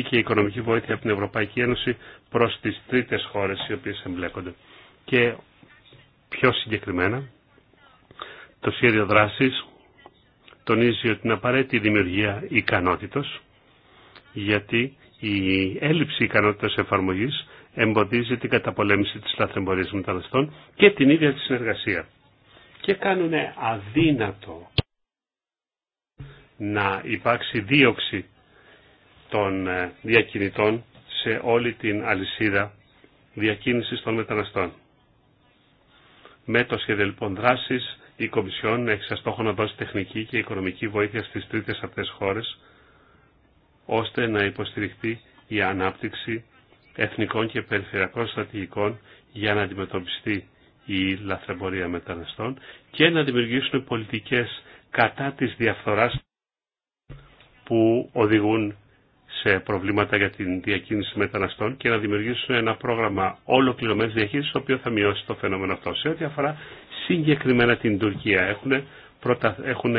και οικονομική βοήθεια από την Ευρωπαϊκή Ένωση προς τις τρίτες χώρες οι οποίες εμπλέκονται. Και πιο συγκεκριμένα, το σχέδιο δράσης τονίζει ότι είναι απαραίτητη η δημιουργία ικανότητος, γιατί η έλλειψη ικανότητας εφαρμογής εμποδίζει την καταπολέμηση της λαθρεμπορίας μεταναστών και την ίδια τη συνεργασία. Και κάνουν αδύνατο να υπάρξει δίωξη των ε, διακινητών σε όλη την αλυσίδα διακίνησης των μεταναστών. Με το σχέδιο λοιπόν δράσης, η Κομισιόν έχει σαν στόχο να δώσει τεχνική και οικονομική βοήθεια στις τρίτες αυτές χώρες, ώστε να υποστηριχτεί η ανάπτυξη εθνικών και περιφερειακών στρατηγικών για να αντιμετωπιστεί η λαθρεμπορία μεταναστών και να δημιουργήσουν πολιτικές κατά της διαφθοράς που οδηγούν σε προβλήματα για την διακίνηση μεταναστών και να δημιουργήσουν ένα πρόγραμμα ολοκληρωμένης διαχείρισης το οποίο θα μειώσει το φαινόμενο αυτό. Σε ό,τι αφορά συγκεκριμένα την Τουρκία έχουν, πρωτα... έχουν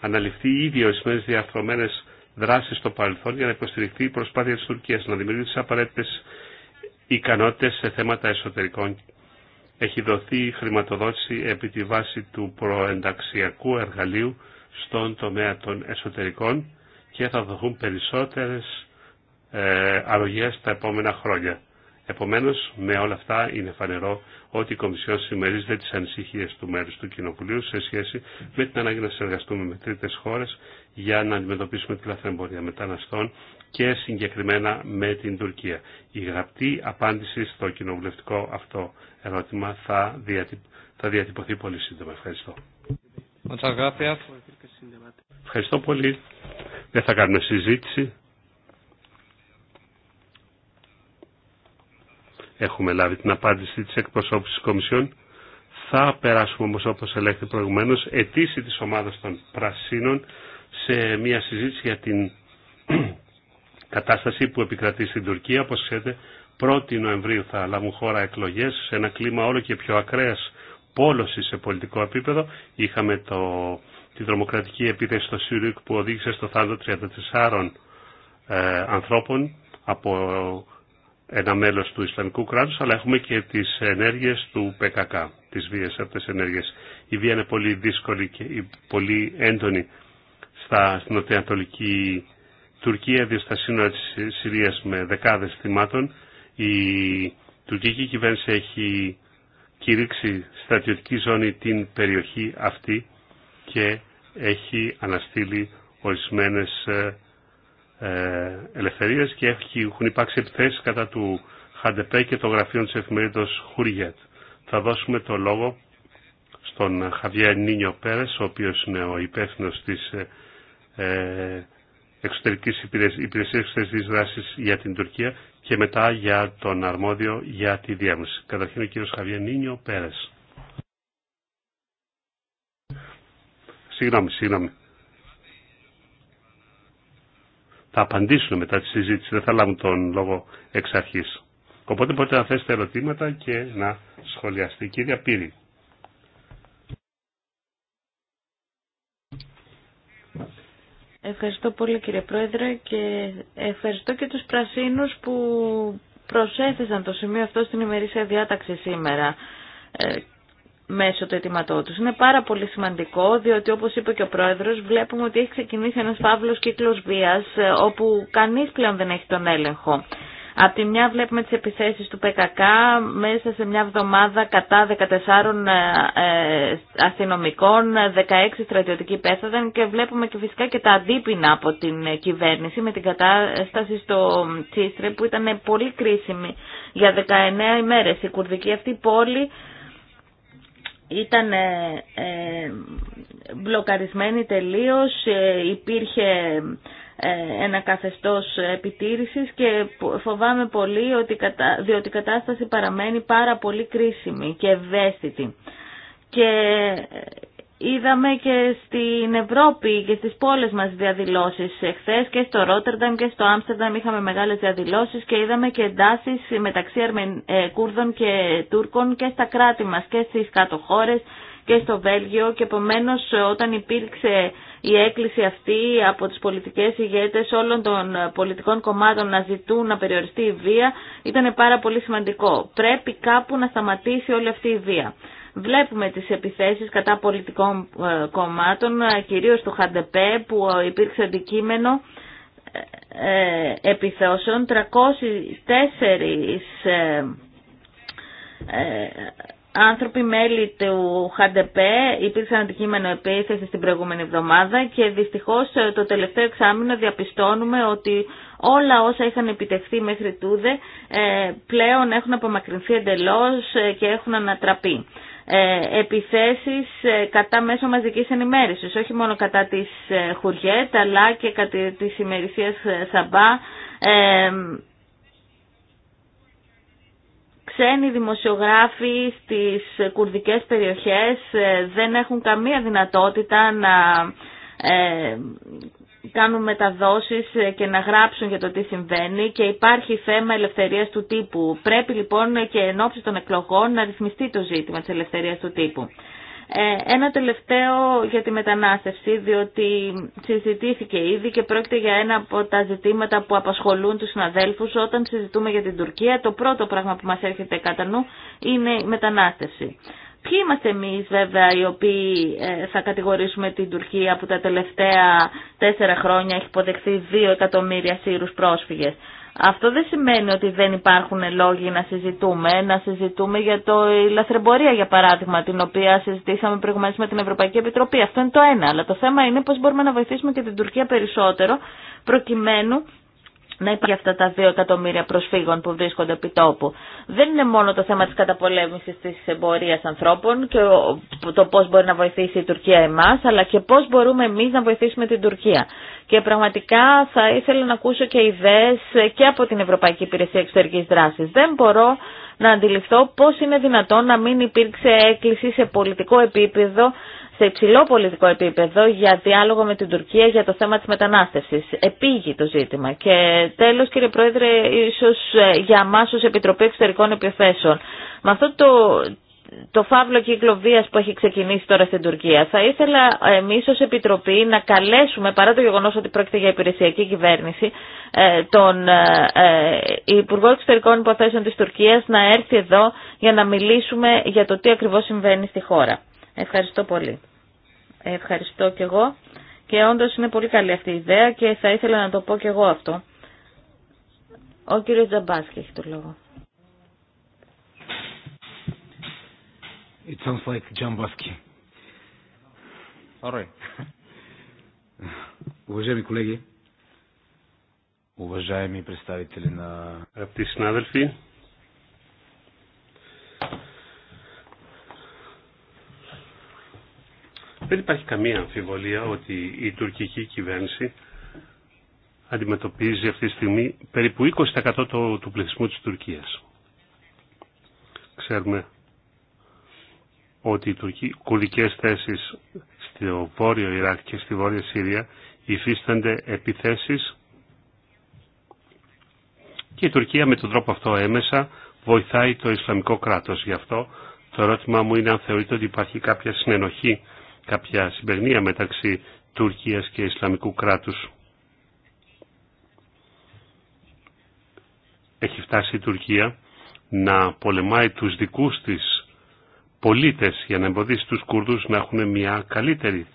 αναλυφθεί ήδη ορισμένε διαρθρωμένε δράσεις στο παρελθόν για να υποστηριχθεί η προσπάθεια της Τουρκίας να δημιουργήσει τις απαραίτητε ικανότητε σε θέματα εσωτερικών. Έχει δοθεί χρηματοδότηση επί τη βάση του προενταξιακού εργαλείου στον τομέα των εσωτερικών και θα δοθούν περισσότερες ε, αρρωγές τα επόμενα χρόνια. Επομένως, με όλα αυτά είναι φανερό ότι η Κομισιόν συμμερίζεται τις ανησυχίες του μέρους του Κοινοβουλίου σε σχέση με την ανάγκη να συνεργαστούμε με τρίτες χώρες για να αντιμετωπίσουμε τη λαθρεμπορία μεταναστών και συγκεκριμένα με την Τουρκία. Η γραπτή απάντηση στο κοινοβουλευτικό αυτό ερώτημα θα, θα διατυπωθεί πολύ σύντομα. Ευχαριστώ. Ευχαριστώ πολύ. Δεν θα κάνουμε συζήτηση. Έχουμε λάβει την απάντηση της εκπροσώπησης της Κομισιόν. Θα περάσουμε όμως όπως ελέγχθη προηγουμένως αιτήσει της ομάδας των Πρασίνων σε μια συζήτηση για την κατάσταση που επικρατεί στην Τουρκία. Όπως ξέρετε 1η Νοεμβρίου θα λάβουν χώρα εκλογές σε ένα κλίμα όλο και πιο ακραίας πόλωση σε πολιτικό επίπεδο. Είχαμε το τη δρομοκρατική επίθεση στο Σιουρίκ που οδήγησε στο θάνατο 34 ε, ανθρώπων από ένα μέλος του Ισλαμικού κράτους, αλλά έχουμε και τις ενέργειες του ΠΚΚ, τις βίες αυτές ενέργειες. Η βία είναι πολύ δύσκολη και πολύ έντονη στα νοτιοανατολική Τουρκία, διότι δηλαδή στα σύνορα της Συρίας με δεκάδες θυμάτων. Η τουρκική κυβέρνηση έχει κηρύξει στρατιωτική ζώνη την περιοχή αυτή και έχει αναστείλει ορισμένες ε, ε, ελευθερίες και έχουν υπάρξει επιθέσεις κατά του Χαντεπέ και των γραφείων της εφημερίδας Χουριέτ. Θα δώσουμε το λόγο στον Χαβιέ Νίνιο Πέρες, ο οποίος είναι ο υπεύθυνο της ε, εξωτερικής υπηρεσίας εξωτερικής δράσης για την Τουρκία και μετά για τον αρμόδιο για τη διάμεση. Καταρχήν ο κύριος Χαβιέ Νίνιο Πέρες. Συγγνώμη, συγγνώμη. Θα απαντήσουν μετά τη συζήτηση, δεν θα λάβουν τον λόγο εξ αρχής. Οπότε μπορείτε να θέσετε ερωτήματα και να σχολιαστεί. Κύριε Πύρη. Ευχαριστώ πολύ κύριε Πρόεδρε και ευχαριστώ και τους πρασίνους που προσέθεσαν το σημείο αυτό στην ημερήσια διάταξη σήμερα. Ε, μέσω του αιτήματό Είναι πάρα πολύ σημαντικό διότι όπως είπε και ο Πρόεδρος βλέπουμε ότι έχει ξεκινήσει ένας φαύλος κύκλος βίας ε, όπου κανείς πλέον δεν έχει τον έλεγχο. Απ' τη μια βλέπουμε τις επιθέσεις του ΠΚΚ μέσα σε μια εβδομάδα κατά 14 ε, ε, αστυνομικών, 16 στρατιωτικοί πέθαναν και βλέπουμε και φυσικά και τα αντίπεινα από την κυβέρνηση με την κατάσταση στο Τσίστρε που ήταν πολύ κρίσιμη για 19 ημέρες. Η κουρδική αυτή πόλη ήταν ε, ε, μπλοκαρισμένη τελείως, ε, υπήρχε ένα καθεστώς επιτήρησης και φοβάμαι πολύ ότι διότι η κατάσταση παραμένει πάρα πολύ κρίσιμη και ευαίσθητη. Και είδαμε και στην Ευρώπη και στις πόλεις μας διαδηλώσεις εχθές και στο Ρότερνταμ και στο Άμστερνταμ είχαμε μεγάλες διαδηλώσεις και είδαμε και εντάσεις μεταξύ ε, Κούρδων και Τούρκων και στα κράτη μας και στις κάτω χώρες και στο Βέλγιο και επομένω όταν υπήρξε η έκκληση αυτή από τις πολιτικές ηγέτες όλων των πολιτικών κομμάτων να ζητούν να περιοριστεί η βία ήταν πάρα πολύ σημαντικό. Πρέπει κάπου να σταματήσει όλη αυτή η βία. Βλέπουμε τις επιθέσεις κατά πολιτικών ε, κομμάτων, ε, κυρίως του ΧΑΝΤΕΠΕ που ε, υπήρξε αντικείμενο επιθέσεων 304 άνθρωποι μέλη του ΧΑΝΤΕΠΕ υπήρξαν αντικείμενο επίθεση την προηγούμενη εβδομάδα και δυστυχώς το τελευταίο εξάμεινο διαπιστώνουμε ότι όλα όσα είχαν επιτευχθεί μέχρι τούδε πλέον έχουν απομακρυνθεί εντελώς και έχουν ανατραπεί. Ε, επιθέσεις ε, κατά μέσω μαζικής ενημέρωσης, όχι μόνο κατά της ε, Χουριέτ, αλλά και κατά της ημερησίας Σαμπά, ξένοι δημοσιογράφοι στις κουρδικές περιοχές δεν έχουν καμία δυνατότητα να κάνουν μεταδόσεις και να γράψουν για το τι συμβαίνει και υπάρχει θέμα ελευθερίας του τύπου. Πρέπει λοιπόν και εν ώψη των εκλογών να ρυθμιστεί το ζήτημα της ελευθερίας του τύπου. Ε, ένα τελευταίο για τη μετανάστευση, διότι συζητήθηκε ήδη και πρόκειται για ένα από τα ζητήματα που απασχολούν τους συναδέλφους όταν συζητούμε για την Τουρκία. Το πρώτο πράγμα που μας έρχεται κατά νου είναι η μετανάστευση. Ποιοι είμαστε εμείς βέβαια οι οποίοι ε, θα κατηγορήσουμε την Τουρκία που τα τελευταία τέσσερα χρόνια έχει υποδεχθεί δύο εκατομμύρια Σύρους πρόσφυγες. Αυτό δεν σημαίνει ότι δεν υπάρχουν λόγοι να συζητούμε. Να συζητούμε για το η λαθρεμπορία, για παράδειγμα, την οποία συζητήσαμε προηγουμένω με την Ευρωπαϊκή Επιτροπή. Αυτό είναι το ένα. Αλλά το θέμα είναι πώ μπορούμε να βοηθήσουμε και την Τουρκία περισσότερο, προκειμένου να υπάρχει αυτά τα δύο εκατομμύρια προσφύγων που βρίσκονται επί τόπου. Δεν είναι μόνο το θέμα της καταπολέμησης της εμπορίας ανθρώπων και το πώς μπορεί να βοηθήσει η Τουρκία εμάς, αλλά και πώς μπορούμε εμείς να βοηθήσουμε την Τουρκία. Και πραγματικά θα ήθελα να ακούσω και ιδέες και από την Ευρωπαϊκή Υπηρεσία Εξωτερικής Δράσης. Δεν μπορώ να αντιληφθώ πώς είναι δυνατόν να μην υπήρξε έκκληση σε πολιτικό επίπεδο σε υψηλό πολιτικό επίπεδο για διάλογο με την Τουρκία για το θέμα της μετανάστευσης. Επίγει το ζήτημα. Και τέλος κύριε Πρόεδρε, ίσως ε, για μας ως Επιτροπή Εξωτερικών Επιθέσεων. Με αυτό το, το φαύλο κύκλο βία που έχει ξεκινήσει τώρα στην Τουρκία. Θα ήθελα εμεί ω Επιτροπή να καλέσουμε, παρά το γεγονό ότι πρόκειται για υπηρεσιακή κυβέρνηση, ε, τον ε, Υπουργό Εξωτερικών Υποθέσεων τη Τουρκία να έρθει εδώ για να μιλήσουμε για το τι ακριβώ συμβαίνει στη χώρα. Ευχαριστώ πολύ. Ευχαριστώ και εγώ. Και όντως είναι πολύ καλή αυτή η ιδέα και θα ήθελα να το πω και εγώ αυτό. Ο κύριος Τζαμπάσκη έχει το λόγο. It sounds like Τζαμπάσκη. Ωραία. Уважаеми колеги, уважаеми представители на... Αγαπητοί συνάδελφοι, Δεν υπάρχει καμία αμφιβολία ότι η τουρκική κυβέρνηση αντιμετωπίζει αυτή τη στιγμή περίπου 20% του πληθυσμού της Τουρκίας. Ξέρουμε ότι οι κουρδικές θέσεις στο βόρειο Ιράκ και στη βόρεια Συρία υφίστανται επιθέσεις και η Τουρκία με τον τρόπο αυτό έμεσα βοηθάει το Ισλαμικό κράτος. Γι' αυτό το ερώτημά μου είναι αν θεωρείτε ότι υπάρχει κάποια συνενοχή κάποια συμπερνία μεταξύ Τουρκίας και Ισλαμικού κράτους. Έχει φτάσει η Τουρκία να πολεμάει τους δικούς της πολίτες για να εμποδίσει τους Κούρδους να έχουν μια καλύτερη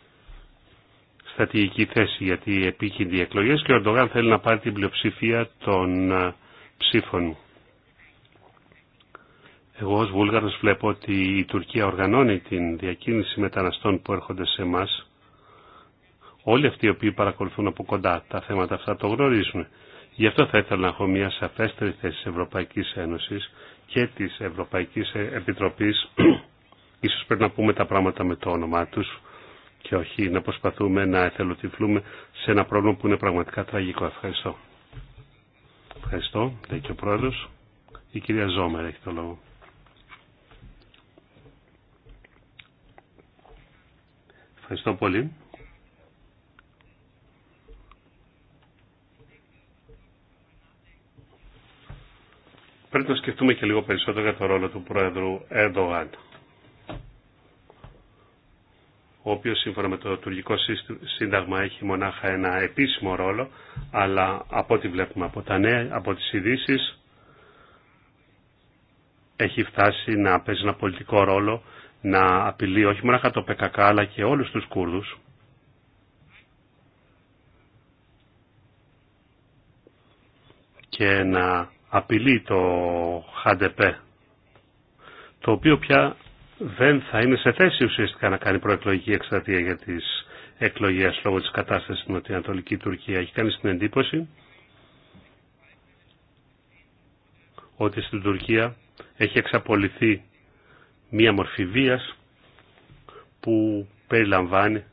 στατική θέση γιατί επίκεινται οι εκλογές και ο Ερντογάν θέλει να πάρει την πλειοψηφία των ε, ψήφων. Εγώ ως Βούλγαρος βλέπω ότι η Τουρκία οργανώνει την διακίνηση μεταναστών που έρχονται σε εμά. Όλοι αυτοί οι οποίοι παρακολουθούν από κοντά τα θέματα αυτά το γνωρίζουν. Γι' αυτό θα ήθελα να έχω μια σαφέστερη θέση της Ευρωπαϊκής Ένωσης και της Ευρωπαϊκής Επιτροπής. Ίσως πρέπει να πούμε τα πράγματα με το όνομά τους και όχι να προσπαθούμε να εθελοτυφλούμε σε ένα πρόβλημα που είναι πραγματικά τραγικό. Ευχαριστώ. Ευχαριστώ, λέει και ο Η κυρία Ζώμερα έχει το λόγο. Ευχαριστώ πολύ. Πρέπει να σκεφτούμε και λίγο περισσότερο για το ρόλο του Πρόεδρου Ερντογάν, ο οποίος σύμφωνα με το τουρκικό σύνταγμα έχει μονάχα ένα επίσημο ρόλο, αλλά από ό,τι βλέπουμε από τα νέα, από τις ειδήσει, έχει φτάσει να παίζει ένα πολιτικό ρόλο να απειλεί όχι μόνο το ΠΚΚ αλλά και όλους τους Κούρδους και να απειλεί το ΧΑΝΤΕΠΕ το οποίο πια δεν θα είναι σε θέση ουσιαστικά να κάνει προεκλογική εκστρατεία για τις εκλογές λόγω της κατάστασης στην Νοτιοανατολική Τουρκία. Έχει κάνει στην εντύπωση ότι στην Τουρκία έχει εξαπολυθεί μία μορφή βίας που περιλαμβάνει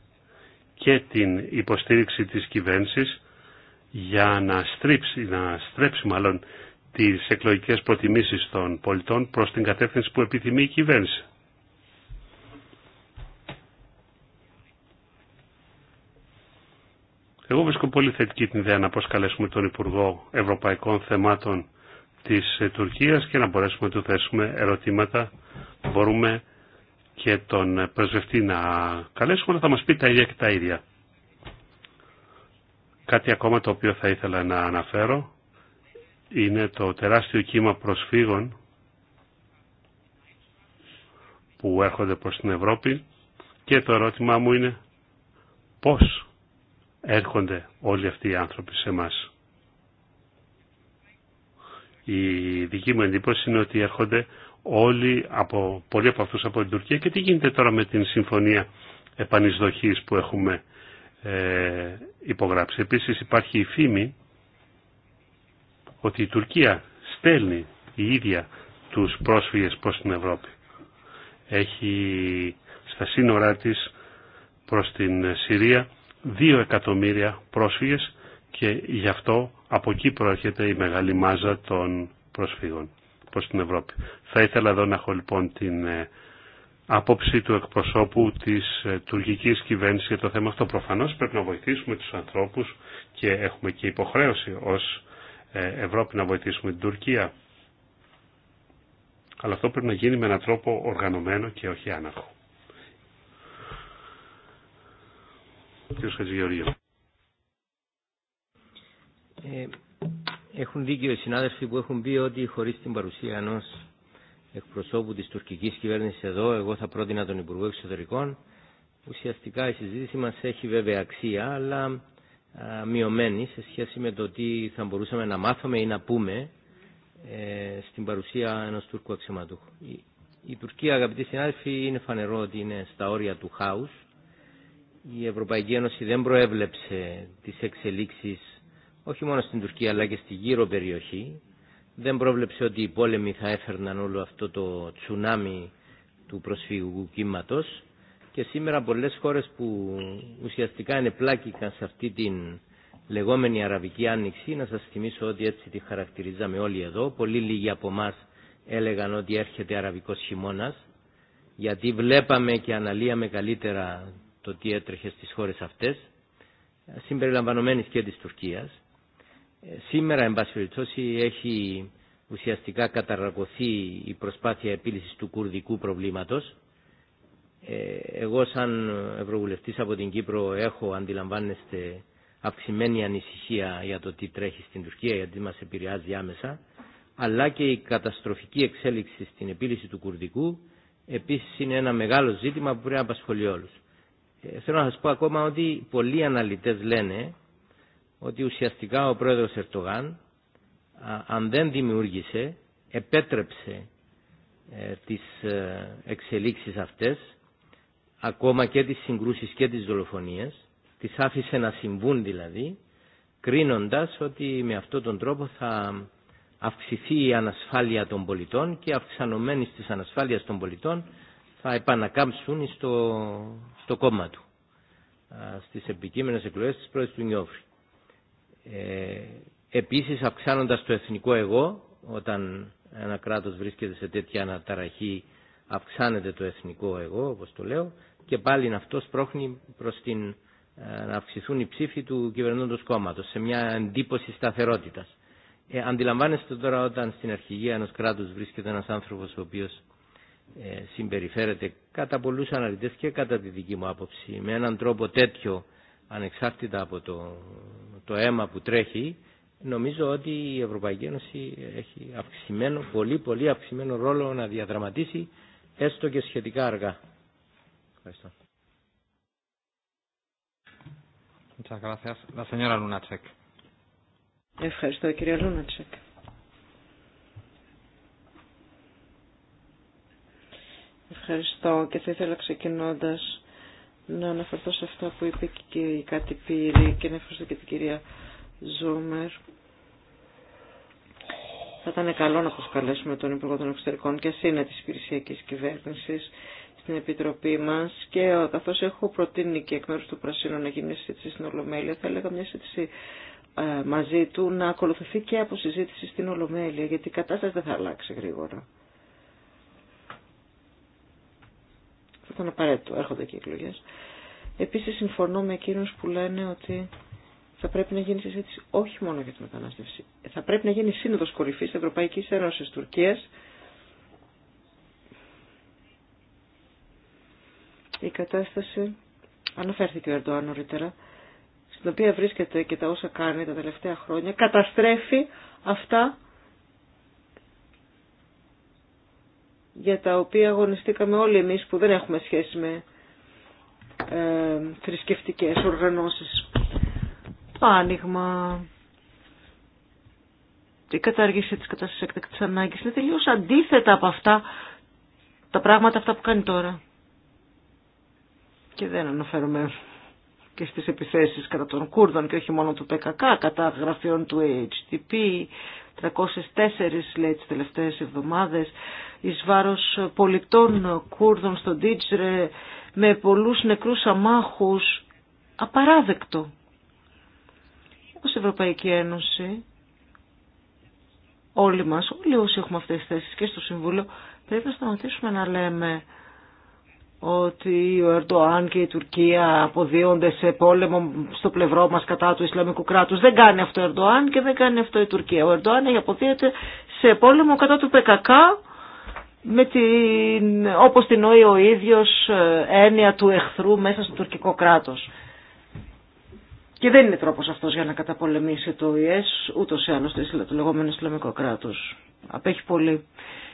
και την υποστήριξη της κυβέρνησης για να στρίψει, να στρέψει μάλλον τις εκλογικές προτιμήσεις των πολιτών προς την κατεύθυνση που επιθυμεί η κυβέρνηση. Εγώ βρίσκω πολύ θετική την ιδέα να προσκαλέσουμε τον Υπουργό Ευρωπαϊκών Θεμάτων της ε, Τουρκίας και να μπορέσουμε να του θέσουμε ερωτήματα. Μπορούμε και τον ε, πρεσβευτή να καλέσουμε να θα μας πει τα ίδια και τα ίδια. Κάτι ακόμα το οποίο θα ήθελα να αναφέρω είναι το τεράστιο κύμα προσφύγων που έρχονται προς την Ευρώπη και το ερώτημά μου είναι πώς έρχονται όλοι αυτοί οι άνθρωποι σε μας. Η δική μου εντύπωση είναι ότι έρχονται όλοι από, πολλοί από αυτούς από την Τουρκία και τι γίνεται τώρα με την συμφωνία επανεισδοχής που έχουμε ε, υπογράψει. Επίσης υπάρχει η φήμη ότι η Τουρκία στέλνει η ίδια τους πρόσφυγες προς την Ευρώπη. Έχει στα σύνορά της προς την Συρία δύο εκατομμύρια πρόσφυγες και γι' αυτό από εκεί προέρχεται η μεγάλη μάζα των προσφύγων προς την Ευρώπη. Θα ήθελα εδώ να έχω λοιπόν την ε, άποψη του εκπροσώπου της ε, τουρκικής κυβέρνησης για το θέμα αυτό. Προφανώς πρέπει να βοηθήσουμε τους ανθρώπους και έχουμε και υποχρέωση ως ε, Ευρώπη να βοηθήσουμε την Τουρκία. Αλλά αυτό πρέπει να γίνει με έναν τρόπο οργανωμένο και όχι άναρχο. Κύριος Χατζηγεωργίου. Ε, έχουν δίκιο οι συνάδελφοι που έχουν πει ότι χωρί την παρουσία ενό εκπροσώπου τη τουρκική κυβέρνηση εδώ, εγώ θα πρότεινα τον Υπουργό Εξωτερικών. Ουσιαστικά η συζήτηση μα έχει βέβαια αξία, αλλά μειωμένη σε σχέση με το τι θα μπορούσαμε να μάθουμε ή να πούμε ε, στην παρουσία είναι Τούρκου αξιωματούχου. Η, Τουρκία, αγαπητοί συνάδελφοι, είναι φανερό ότι είναι στα όρια του χαου Η Ευρωπαϊκή Ένωση δεν προέβλεψε τι εξελίξεις όχι μόνο στην Τουρκία αλλά και στη γύρω περιοχή. Δεν πρόβλεψε ότι οι πόλεμοι θα έφερναν όλο αυτό το τσουνάμι του προσφυγικού κύματο και σήμερα πολλές χώρες που ουσιαστικά ενεπλάκηκαν σε αυτή την λεγόμενη Αραβική Άνοιξη, να σας θυμίσω ότι έτσι τη χαρακτηρίζαμε όλοι εδώ, πολύ λίγοι από εμά έλεγαν ότι έρχεται Αραβικός χειμώνας, γιατί βλέπαμε και αναλύαμε καλύτερα το τι έτρεχε στις χώρες αυτές, συμπεριλαμβανομένης και της Τουρκίας. Ε, σήμερα, εν πάση έχει ουσιαστικά καταρακωθεί η προσπάθεια επίλυσης του κουρδικού προβλήματος. Ε, εγώ σαν Ευρωβουλευτής από την Κύπρο έχω, αντιλαμβάνεστε, αυξημένη ανησυχία για το τι τρέχει στην Τουρκία, γιατί μας επηρεάζει άμεσα, αλλά και η καταστροφική εξέλιξη στην επίλυση του κουρδικού επίσης είναι ένα μεγάλο ζήτημα που πρέπει να απασχολεί όλους. Ε, θέλω να σας πω ακόμα ότι πολλοί αναλυτές λένε ότι ουσιαστικά ο πρόεδρος Ερτογάν αν δεν δημιούργησε, επέτρεψε ε, τις ε, εξελίξεις αυτές, ακόμα και τις συγκρούσεις και τις δολοφονίες, τις άφησε να συμβούν δηλαδή, κρίνοντας ότι με αυτόν τον τρόπο θα αυξηθεί η ανασφάλεια των πολιτών και αυξανωμένη της ανασφάλειας των πολιτών θα επανακάμψουν στο, στο κόμμα του στις επικείμενες εκλογές της πρόεδρου του ε, επίσης αυξάνοντας το εθνικό εγώ, όταν ένα κράτος βρίσκεται σε τέτοια αναταραχή αυξάνεται το εθνικό εγώ, όπως το λέω, και πάλι αυτό σπρώχνει προς την, ε, να αυξηθούν οι ψήφοι του κυβερνώντος κόμματος, σε μια εντύπωση σταθερότητας. Ε, αντιλαμβάνεστε τώρα όταν στην αρχηγία ενός κράτους βρίσκεται ένας άνθρωπος ο οποίος ε, συμπεριφέρεται κατά πολλούς αναλυτές και κατά τη δική μου άποψη με έναν τρόπο τέτοιο ανεξάρτητα από το το αίμα που τρέχει, νομίζω ότι η Ευρωπαϊκή Ένωση έχει αυξημένο, πολύ πολύ αυξημένο ρόλο να διαδραματίσει, έστω και σχετικά αργά. Ευχαριστώ. Ευχαριστώ κυρία Λούνατσεκ. Ευχαριστώ και θα ήθελα ξεκινώντας να αναφερθώ σε αυτά που είπε και η Κάτι Πύρη και να ευχαριστώ και την κυρία Ζόμερ. Θα ήταν καλό να προσκαλέσουμε τον Υπουργό των Εξωτερικών και είναι της υπηρεσιακής κυβέρνησης στην Επιτροπή μας και καθώς έχω προτείνει και εκ μέρους του Πρασίνου να γίνει συζήτηση στην Ολομέλεια θα έλεγα μια συζήτηση ε, μαζί του να ακολουθηθεί και από συζήτηση στην Ολομέλεια γιατί η κατάσταση δεν θα αλλάξει γρήγορα. ήταν απαραίτητο. Έρχονται και οι εκλογέ. Επίση, συμφωνώ με εκείνου που λένε ότι θα πρέπει να γίνει συζήτηση όχι μόνο για τη μετανάστευση. Θα πρέπει να γίνει σύνοδο κορυφή Ευρωπαϊκή Ένωση Τουρκία. Η κατάσταση αναφέρθηκε ο Ερντοάν νωρίτερα, στην οποία βρίσκεται και τα όσα κάνει τα τελευταία χρόνια, καταστρέφει αυτά για τα οποία αγωνιστήκαμε όλοι εμείς που δεν έχουμε σχέση με ε, θρησκευτικές οργανώσεις. Άνοιγμα. Η κατάργηση της κατάστασης εκτακτής ανάγκης είναι τελείως αντίθετα από αυτά τα πράγματα αυτά που κάνει τώρα. Και δεν αναφέρομαι και στις επιθέσεις κατά των Κούρδων και όχι μόνο του ΠΚΚ, κατά γραφείων του HTP, 304 λέει τις τελευταίες εβδομάδες, εις βάρος πολιτών Κούρδων στο Ντίτζρε, με πολλούς νεκρούς αμάχους, απαράδεκτο. η Ευρωπαϊκή Ένωση, όλοι μας, όλοι όσοι έχουμε αυτές τις θέσεις και στο Συμβούλιο, πρέπει να σταματήσουμε να λέμε ότι ο Ερντοάν και η Τουρκία αποδίονται σε πόλεμο στο πλευρό μας κατά του Ισλαμικού κράτους. Δεν κάνει αυτό ο Ερντοάν και δεν κάνει αυτό η Τουρκία. Ο Ερντοάν αποδίεται σε πόλεμο κατά του ΠΚΚ με την, όπως την νοεί ο ίδιος ε, έννοια του εχθρού μέσα στο τουρκικό κράτος. Και δεν είναι τρόπος αυτός για να καταπολεμήσει το ΙΕΣ, ούτως ή άλλως το λεγόμενο Ισλαμικό κράτος. Απέχει πολύ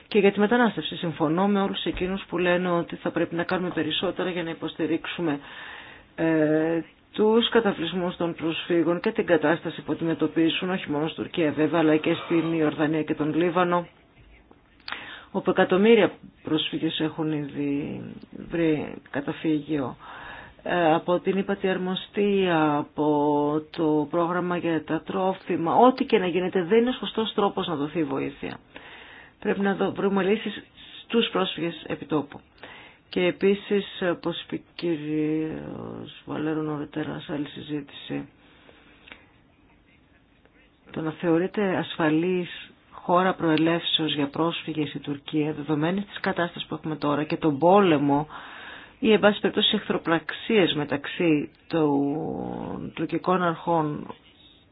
και για τη μετανάστευση. Συμφωνώ με όλους εκείνους που λένε ότι θα πρέπει να κάνουμε περισσότερα για να υποστηρίξουμε ε, τους καταβλισμούς των προσφύγων και την κατάσταση που αντιμετωπίσουν όχι μόνο στην Τουρκία βέβαια αλλά και στην Ιορδανία και τον Λίβανο όπου εκατομμύρια προσφύγες έχουν ήδη βρει καταφύγιο ε, από την ύπατη από το πρόγραμμα για τα τρόφιμα, ό,τι και να γίνεται δεν είναι σωστός τρόπος να δοθεί βοήθεια. Πρέπει να βρούμε λύσεις στους πρόσφυγες επιτόπου. Και επίσης, όπω είπε ο κύριος Βαλέρο νωρίτερα σε άλλη συζήτηση, το να θεωρείται ασφαλής χώρα προελεύσεως για πρόσφυγες η Τουρκία, δεδομένη της κατάστασης που έχουμε τώρα και τον πόλεμο ή εν πάση περιπτώσει μεταξύ των τουρκικών αρχών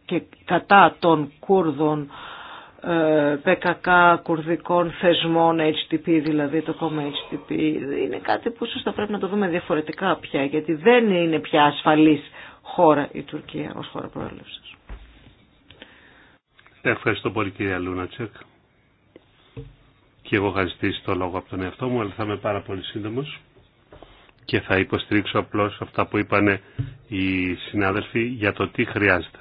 και κατά των Κούρδων ΠΚΚ κουρδικών θεσμών, HTTP δηλαδή, το κόμμα HTTP, είναι κάτι που ίσως θα πρέπει να το δούμε διαφορετικά πια, γιατί δεν είναι πια ασφαλής χώρα η Τουρκία ως χώρα προέλευσης. Ναι, ευχαριστώ πολύ κυρία Λούνατσεκ. Και εγώ είχα ζητήσει το λόγο από τον εαυτό μου, αλλά θα είμαι πάρα πολύ σύντομο και θα υποστηρίξω απλώς αυτά που είπαν οι συνάδελφοι για το τι χρειάζεται.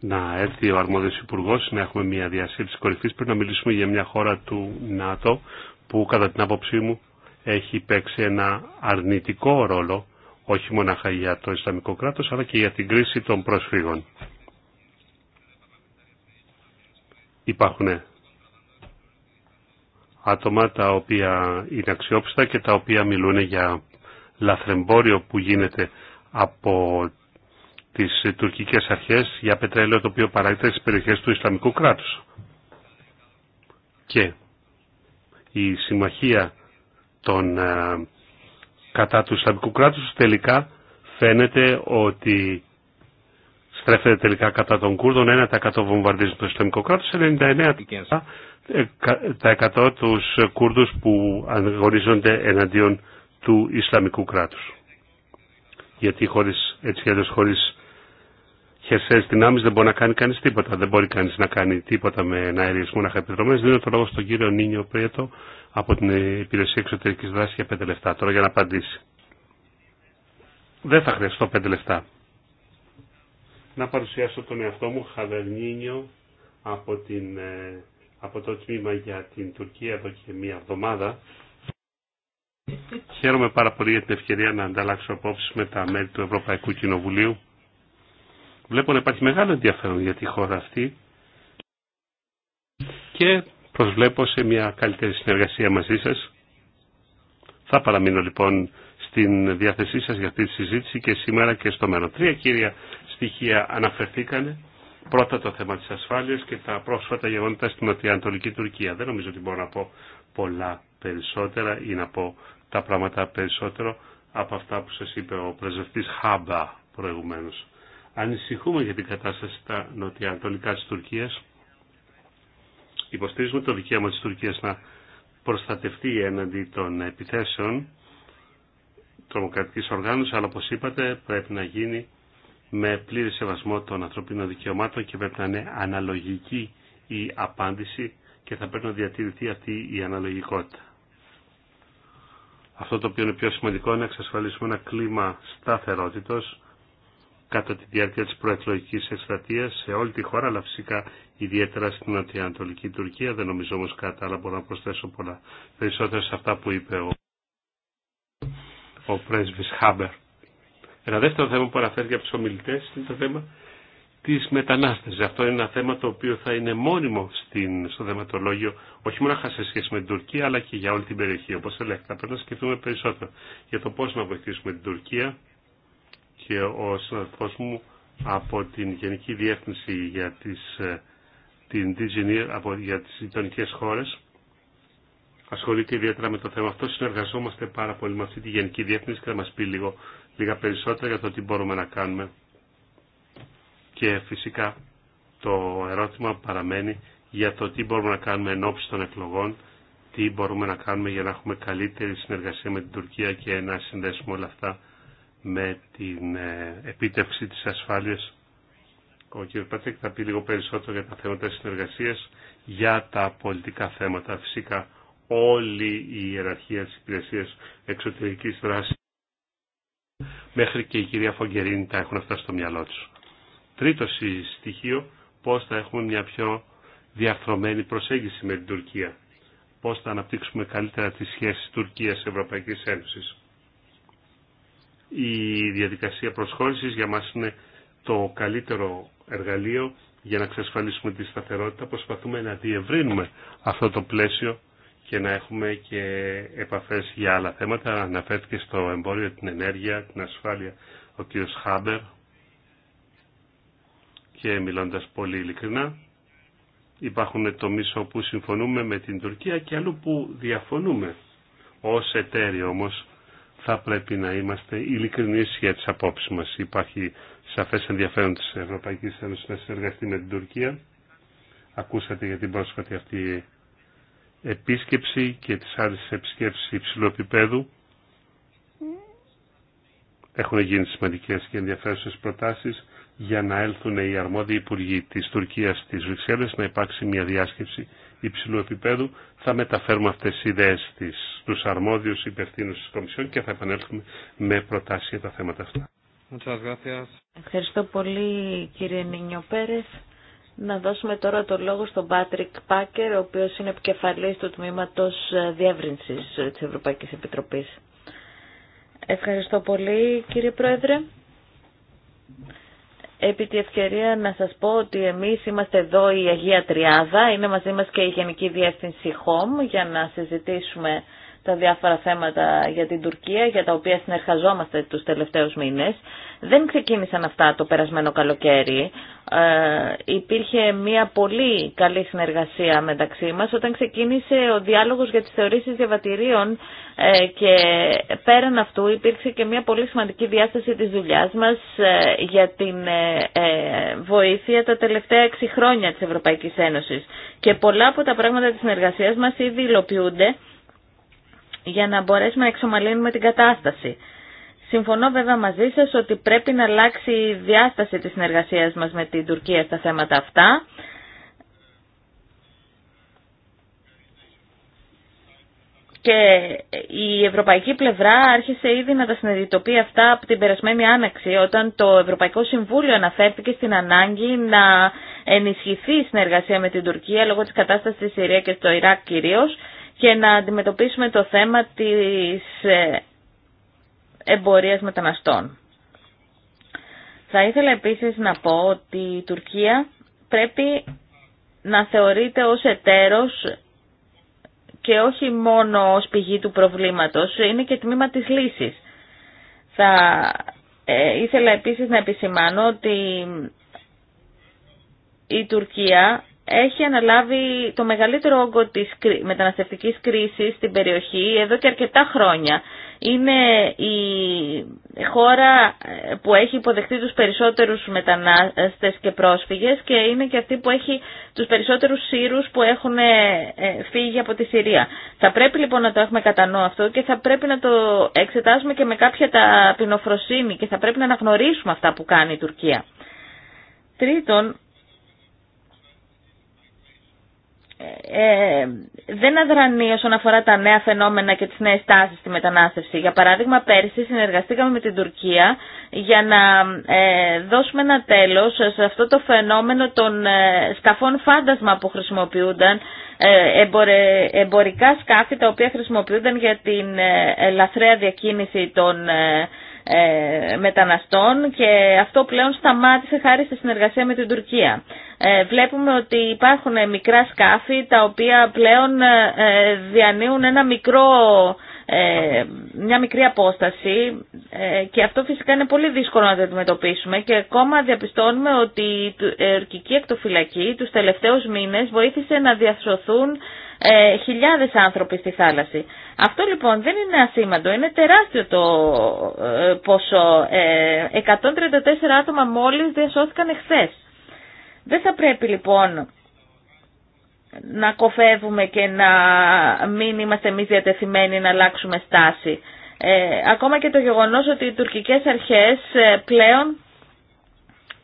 να έρθει ο αρμόδιος υπουργό να έχουμε μια διασύρτηση κορυφής πριν να μιλήσουμε για μια χώρα του ΝΑΤΟ που κατά την άποψή μου έχει παίξει ένα αρνητικό ρόλο όχι μόνο για το Ισλαμικό κράτος αλλά και για την κρίση των προσφύγων. Υπάρχουν άτομα τα οποία είναι αξιόπιστα και τα οποία μιλούν για λαθρεμπόριο που γίνεται από τις ε, τουρκικές αρχές για πετρέλαιο το οποίο παράγεται στις περιοχές του Ισλαμικού κράτους. Και η συμμαχία των, ε, κατά του Ισλαμικού κράτους τελικά φαίνεται ότι στρέφεται τελικά κατά των Κούρδων 1% βομβαρδίζουν το Ισλαμικό κράτος 99% ε, τα 100 που αγωνίζονται εναντίον του Ισλαμικού κράτους. Γιατί χωρίς, έτσι χωρίς σε δυνάμει δεν μπορεί να κάνει κανεί τίποτα. Δεν μπορεί κανεί να κάνει τίποτα με ένα αερισμό να επιδρομές. Δίνω το λόγο στον κύριο Νίνιο Πρέτο από την Υπηρεσία εξωτερική δράση για πέντε λεφτά. Τώρα για να απαντήσει. Δεν θα χρειαστώ πέντε λεφτά. Να παρουσιάσω τον εαυτό μου, Χαβερνίνιο, από, την, ε, από το τμήμα για την Τουρκία εδώ και μία εβδομάδα. Χαίρομαι πάρα πολύ για την ευκαιρία να ανταλλάξω απόψεις με τα μέλη του Ευρωπαϊκού Κοινοβουλίου Βλέπω να υπάρχει μεγάλο ενδιαφέρον για τη χώρα αυτή και προσβλέπω σε μια καλύτερη συνεργασία μαζί σας. Θα παραμείνω λοιπόν στην διάθεσή σας για αυτή τη συζήτηση και σήμερα και στο μέλλον. Τρία κύρια στοιχεία αναφερθήκανε. Πρώτα το θέμα της ασφάλειας και τα πρόσφατα γεγονότα στην Νοτιοανατολική Τουρκία. Δεν νομίζω ότι μπορώ να πω πολλά περισσότερα ή να πω τα πράγματα περισσότερο από αυτά που σας είπε ο πρεσβευτής Χάμπα προηγουμένως ανησυχούμε για την κατάσταση στα νοτιοανατολικά της Τουρκίας. Υποστηρίζουμε το δικαίωμα της Τουρκίας να προστατευτεί έναντι των επιθέσεων τρομοκρατικής οργάνωσης, αλλά όπως είπατε πρέπει να γίνει με πλήρη σεβασμό των ανθρωπίνων δικαιωμάτων και πρέπει να είναι αναλογική η απάντηση και θα πρέπει να διατηρηθεί αυτή η αναλογικότητα. Αυτό το οποίο είναι πιο σημαντικό είναι να εξασφαλίσουμε ένα κλίμα σταθερότητος κατά τη διάρκεια της προεκλογικής εκστρατείας σε όλη τη χώρα, αλλά φυσικά ιδιαίτερα στην νοτιοανατολική Τουρκία. Δεν νομίζω όμως κάτι άλλο μπορώ να προσθέσω πολλά περισσότερα σε αυτά που είπε ο, ο πρέσβης Χάμπερ. Ένα δεύτερο θέμα που αναφέρει από τους ομιλητές είναι το θέμα της μετανάστευσης. Αυτό είναι ένα θέμα το οποίο θα είναι μόνιμο στην, στο θεματολόγιο, όχι μόνο σε σχέση με την Τουρκία, αλλά και για όλη την περιοχή. Όπως έλεγα. θα πρέπει να σκεφτούμε περισσότερο για το πώς να βοηθήσουμε την Τουρκία και ο συναδελφός μου από την Γενική Διεύθυνση για τις, ε, την DGNIR από, για τις γειτονικέ χώρες ασχολείται ιδιαίτερα με το θέμα αυτό. Συνεργαζόμαστε πάρα πολύ με αυτή τη Γενική Διεύθυνση και θα μας πει λίγο, λίγα περισσότερα για το τι μπορούμε να κάνουμε. Και φυσικά το ερώτημα παραμένει για το τι μπορούμε να κάνουμε εν ώψη των εκλογών, τι μπορούμε να κάνουμε για να έχουμε καλύτερη συνεργασία με την Τουρκία και να συνδέσουμε όλα αυτά με την ε, επίτευξη της ασφάλειας. Ο κ. Πατρίκ θα πει λίγο περισσότερο για τα θέματα συνεργασίας, για τα πολιτικά θέματα. Φυσικά όλη η ιεραρχία της υπηρεσίας εξωτερικής δράσης μέχρι και η κυρία Φογκερίνη τα έχουν αυτά στο μυαλό τους. Τρίτο στοιχείο, πώς θα έχουμε μια πιο διαρθρωμένη προσέγγιση με την Τουρκία. Πώς θα αναπτύξουμε καλύτερα τις σχέσεις Τουρκίας-Ευρωπαϊκής Ένωσης η διαδικασία προσχώρησης για μας είναι το καλύτερο εργαλείο για να εξασφαλίσουμε τη σταθερότητα. Προσπαθούμε να διευρύνουμε αυτό το πλαίσιο και να έχουμε και επαφές για άλλα θέματα. Αναφέρθηκε στο εμπόριο, την ενέργεια, την ασφάλεια ο κ. Χάμπερ και μιλώντας πολύ ειλικρινά υπάρχουν τομείς όπου συμφωνούμε με την Τουρκία και αλλού που διαφωνούμε. Ως εταίροι όμως θα πρέπει να είμαστε ειλικρινεί για τι απόψει μα. Υπάρχει σαφές ενδιαφέρον τη Ευρωπαϊκή Ένωση να συνεργαστεί με την Τουρκία. Ακούσατε για την πρόσφατη αυτή επίσκεψη και τι άλλες επισκέψει υψηλού επίπεδου. Έχουν γίνει σημαντικέ και ενδιαφέρουσες προτάσεις για να έλθουν οι αρμόδιοι υπουργοί της Τουρκίας στις Βρυξέλλες να υπάρξει μια διάσκεψη υψηλού επίπεδου θα μεταφέρουμε αυτές τις ιδέες στις, στους αρμόδιους υπευθύνους της Κομισιόν και θα επανέλθουμε με προτάσεις για τα θέματα αυτά. Ευχαριστώ πολύ κύριε Νίνιο Πέρες. Να δώσουμε τώρα το λόγο στον Πάτρικ Πάκερ, ο οποίος είναι επικεφαλής του Τμήματος Διεύρυνσης της Ευρωπαϊκής Επιτροπής. Ευχαριστώ πολύ κύριε Πρόεδρε. Επί τη ευκαιρία να σας πω ότι εμείς είμαστε εδώ η Αγία Τριάδα, είναι μαζί μας και η Γενική Διεύθυνση HOME για να συζητήσουμε τα διάφορα θέματα για την Τουρκία, για τα οποία συνεργαζόμαστε τους τελευταίους μήνες. Δεν ξεκίνησαν αυτά το περασμένο καλοκαίρι. Ε, υπήρχε μια πολύ καλή συνεργασία μεταξύ μας όταν ξεκίνησε ο διάλογος για τις θεωρήσεις διαβατηρίων ε, και πέραν αυτού υπήρξε και μια πολύ σημαντική διάσταση της δουλειάς μας ε, για την ε, βοήθεια τα τελευταία 6 χρόνια της Ευρωπαϊκής Ένωσης. Και πολλά από τα πράγματα της συνεργασίας μας ήδη υλοποιούνται για να μπορέσουμε να εξομαλύνουμε την κατάσταση. Συμφωνώ βέβαια μαζί σας ότι πρέπει να αλλάξει η διάσταση της συνεργασίας μας με την Τουρκία στα θέματα αυτά. Και η ευρωπαϊκή πλευρά άρχισε ήδη να τα συνειδητοποιεί αυτά από την περασμένη άναξη όταν το Ευρωπαϊκό Συμβούλιο αναφέρθηκε στην ανάγκη να ενισχυθεί η συνεργασία με την Τουρκία λόγω της κατάστασης στη Συρία και στο Ιράκ κυρίως και να αντιμετωπίσουμε το θέμα της ε, εμπορίας μεταναστών. Θα ήθελα επίσης να πω ότι η Τουρκία πρέπει να θεωρείται ως εταίρος και όχι μόνο ως πηγή του προβλήματος, είναι και τμήμα της λύσης. Θα ε, ήθελα επίσης να επισημάνω ότι η Τουρκία έχει αναλάβει το μεγαλύτερο όγκο της μεταναστευτικής κρίσης στην περιοχή εδώ και αρκετά χρόνια. Είναι η χώρα ε, που έχει υποδεχτεί τους περισσότερους μετανάστες και πρόσφυγες και είναι και αυτή που έχει τους περισσότερους Σύρους που έχουν ε, ε, φύγει από τη Συρία. Θα πρέπει λοιπόν να το έχουμε κατά αυτό και θα πρέπει να το εξετάσουμε και με κάποια ταπεινοφροσύνη και θα πρέπει να αναγνωρίσουμε αυτά που κάνει η Τουρκία. Τρίτον, ε, δεν αδρανεί όσον αφορά τα νέα φαινόμενα και τις νέες τάσεις στη μετανάστευση. Για παράδειγμα, πέρσι συνεργαστήκαμε με την Τουρκία για να ε, δώσουμε ένα τέλος σε αυτό το φαινόμενο των ε, σκαφών φάντασμα που χρησιμοποιούνταν, ε, εμπορε, εμπορικά σκάφη τα οποία χρησιμοποιούνταν για την λαθρέα διακίνηση των μεταναστών και αυτό πλέον σταμάτησε χάρη στη συνεργασία με την Τουρκία. Ε, βλέπουμε ότι υπάρχουν μικρά σκάφη τα οποία πλέον ε, διανύουν ένα μικρό, ε, μια μικρή απόσταση και αυτό φυσικά είναι πολύ δύσκολο να το αντιμετωπίσουμε και ακόμα διαπιστώνουμε ότι η ορκική εκτοφυλακή τους τελευταίους μήνες βοήθησε να διασωθούν ε, χιλιάδες άνθρωποι στη θάλασσα. Αυτό λοιπόν δεν είναι ασήμαντο, είναι τεράστιο το ποσό. 134 άτομα μόλις διασώθηκαν εχθές. Δεν θα πρέπει λοιπόν να κοφεύουμε και να μην είμαστε εμεί διατεθειμένοι να αλλάξουμε στάση. Ε, ακόμα και το γεγονός ότι οι τουρκικές αρχές ε, πλέον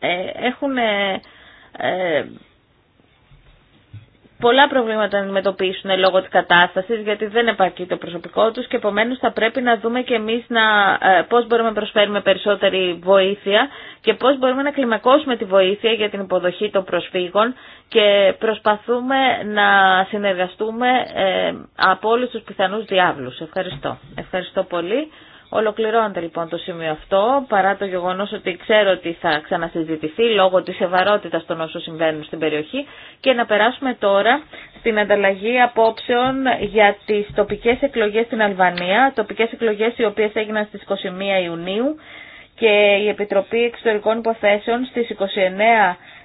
ε, έχουν ε, πολλά προβλήματα να αντιμετωπίσουν λόγω της κατάστασης γιατί δεν επαρκεί το προσωπικό τους και επομένως θα πρέπει να δούμε και εμείς να, ε, πώς μπορούμε να προσφέρουμε περισσότερη βοήθεια και πώς μπορούμε να κλιμακώσουμε τη βοήθεια για την υποδοχή των προσφύγων και προσπαθούμε να συνεργαστούμε ε, από όλους τους πιθανούς διάβλους. Ευχαριστώ. Ευχαριστώ πολύ. Ολοκληρώνεται λοιπόν το σημείο αυτό, παρά το γεγονός ότι ξέρω ότι θα ξανασυζητηθεί λόγω της ευαρότητας των όσων συμβαίνουν στην περιοχή και να περάσουμε τώρα στην ανταλλαγή απόψεων για τις τοπικές εκλογές στην Αλβανία, τοπικές εκλογές οι οποίες έγιναν στις 21 Ιουνίου και η Επιτροπή Εξωτερικών Υποθέσεων στις 29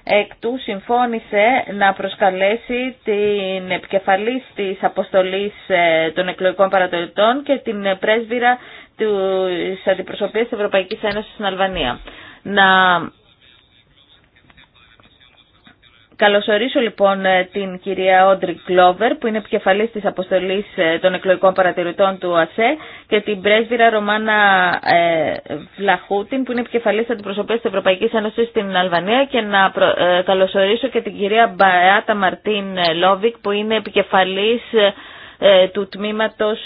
έκτου συμφώνησε να προσκαλέσει την επικεφαλή της αποστολής ε, των εκλογικών παρατολιτών και την πρέσβυρα της Αντιπροσωπείας της Ευρωπαϊκής Ένωσης στην Αλβανία. Καλωσορίσω λοιπόν ε, την κυρία Όντρι Κλόβερ που είναι επικεφαλής της αποστολής ε, των εκλογικών παρατηρητών του ΑΣΕ και την πρέσβυρα Ρωμάνα ε, Βλαχούτιν που είναι επικεφαλής αντιπροσωπείας της Ευρωπαϊκής Ένωσης στην Αλβανία και να καλωσορίσω και την κυρία Μπαέατα Μαρτίν Λόβικ που είναι επικεφαλής του τμήματος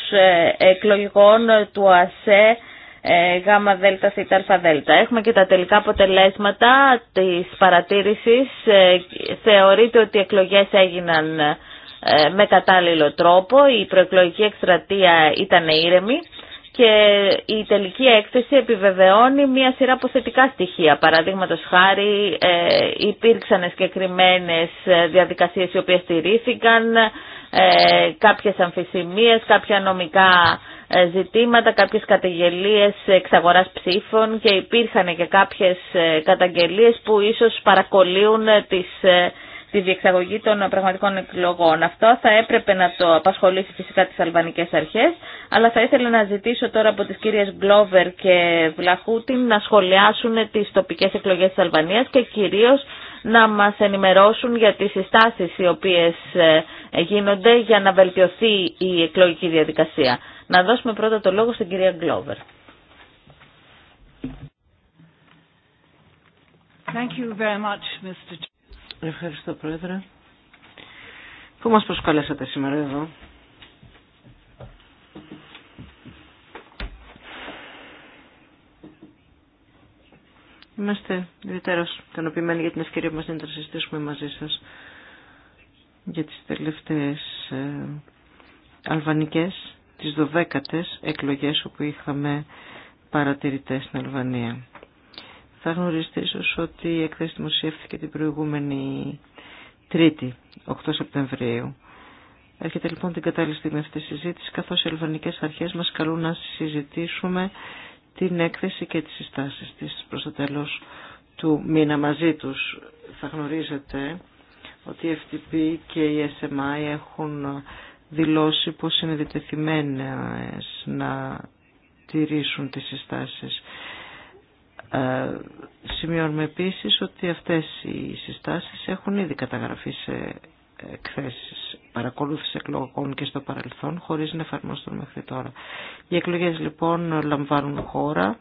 εκλογικών του ΑΣΕ ε, γάμα δέλτα θήτα δέλτα. Έχουμε και τα τελικά αποτελέσματα της παρατήρησης. Ε, θεωρείται ότι οι εκλογές έγιναν ε, με κατάλληλο τρόπο. Η προεκλογική εκστρατεία ήταν ήρεμη και η τελική έκθεση επιβεβαιώνει μία σειρά αποθετικά στοιχεία. Παραδείγματος χάρη ε, υπήρξαν συγκεκριμένε ε, διαδικασίες οι οποίες στηρίθηκαν, ε, κάποιες αμφισημίες, κάποια νομικά ε, ζητήματα, κάποιες καταγγελίες εξαγοράς ψήφων και υπήρχαν και κάποιες ε, καταγγελίες που ίσως παρακολύουν τις τη διεξαγωγή των πραγματικών εκλογών. Αυτό θα έπρεπε να το απασχολήσει φυσικά τις αλβανικές αρχές, αλλά θα ήθελα να ζητήσω τώρα από τις κυρίες Γκλόβερ και Βλαχούτιν να σχολιάσουν τις τοπικές εκλογές της Αλβανίας και κυρίως να μας ενημερώσουν για τις συστάσεις οι οποίες ε, γίνονται για να βελτιωθεί η εκλογική διαδικασία. Να δώσουμε πρώτα το λόγο στην κυρία Γκλόβερ. Thank you very much, Mr. Ευχαριστώ Πρόεδρε που μας προσκαλέσατε σήμερα εδώ. Είμαστε ιδιαίτερα ικανοποιημένοι για την ευκαιρία που μας δίνετε να συζητήσουμε μαζί σας για τις τελευταίες ε, αλβανικές, τις δωδέκατες εκλογές όπου είχαμε παρατηρητές στην Αλβανία. Θα γνωρίζετε ίσω ότι η εκθέση δημοσιεύθηκε την προηγούμενη Τρίτη, 8 Σεπτεμβρίου. Έρχεται λοιπόν την κατάλληλη στιγμή αυτή τη συζήτηση, καθώς οι αλβανικές αρχές μας καλούν να συζητήσουμε την έκθεση και τις συστάσεις της προς το τέλος του μήνα μαζί τους. Θα γνωρίζετε ότι η FTP και η SMI έχουν δηλώσει πως είναι διτεθειμένες να τηρήσουν τις συστάσεις. Ε, σημειώνουμε επίσης ότι αυτές οι συστάσεις έχουν ήδη καταγραφεί σε εκθέσεις παρακολούθησης εκλογών και στο παρελθόν χωρίς να εφαρμόσουν μέχρι τώρα. Οι εκλογές λοιπόν λαμβάνουν χώρα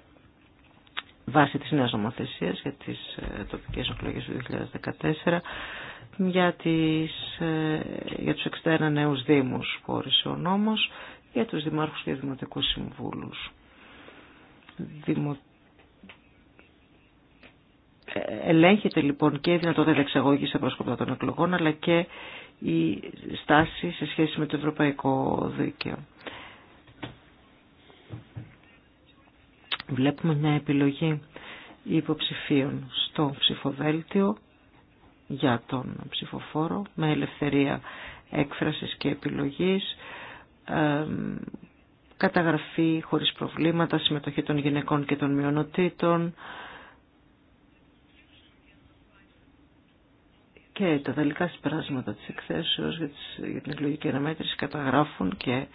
βάσει της νέας νομοθεσίας για τις ε, τοπικές εκλογές του 2014 για, τις, ε, για τους 61 νέους δήμους που όρισε ο νόμος για τους δημάρχους και δημοτικούς συμβούλους. Δημο, Ελέγχεται λοιπόν και η δυνατότητα εξαγωγή σε προσκοπτά των εκλογών αλλά και η στάση σε σχέση με το ευρωπαϊκό δίκαιο. Βλέπουμε μια επιλογή υποψηφίων στο ψηφοδέλτιο για τον ψηφοφόρο με ελευθερία έκφρασης και επιλογής, καταγραφή χωρίς προβλήματα, συμμετοχή των γυναικών και των μειονοτήτων, και τα δελικά συμπεράσματα της εκθέσεως για, για την εκλογική αναμέτρηση καταγράφουν και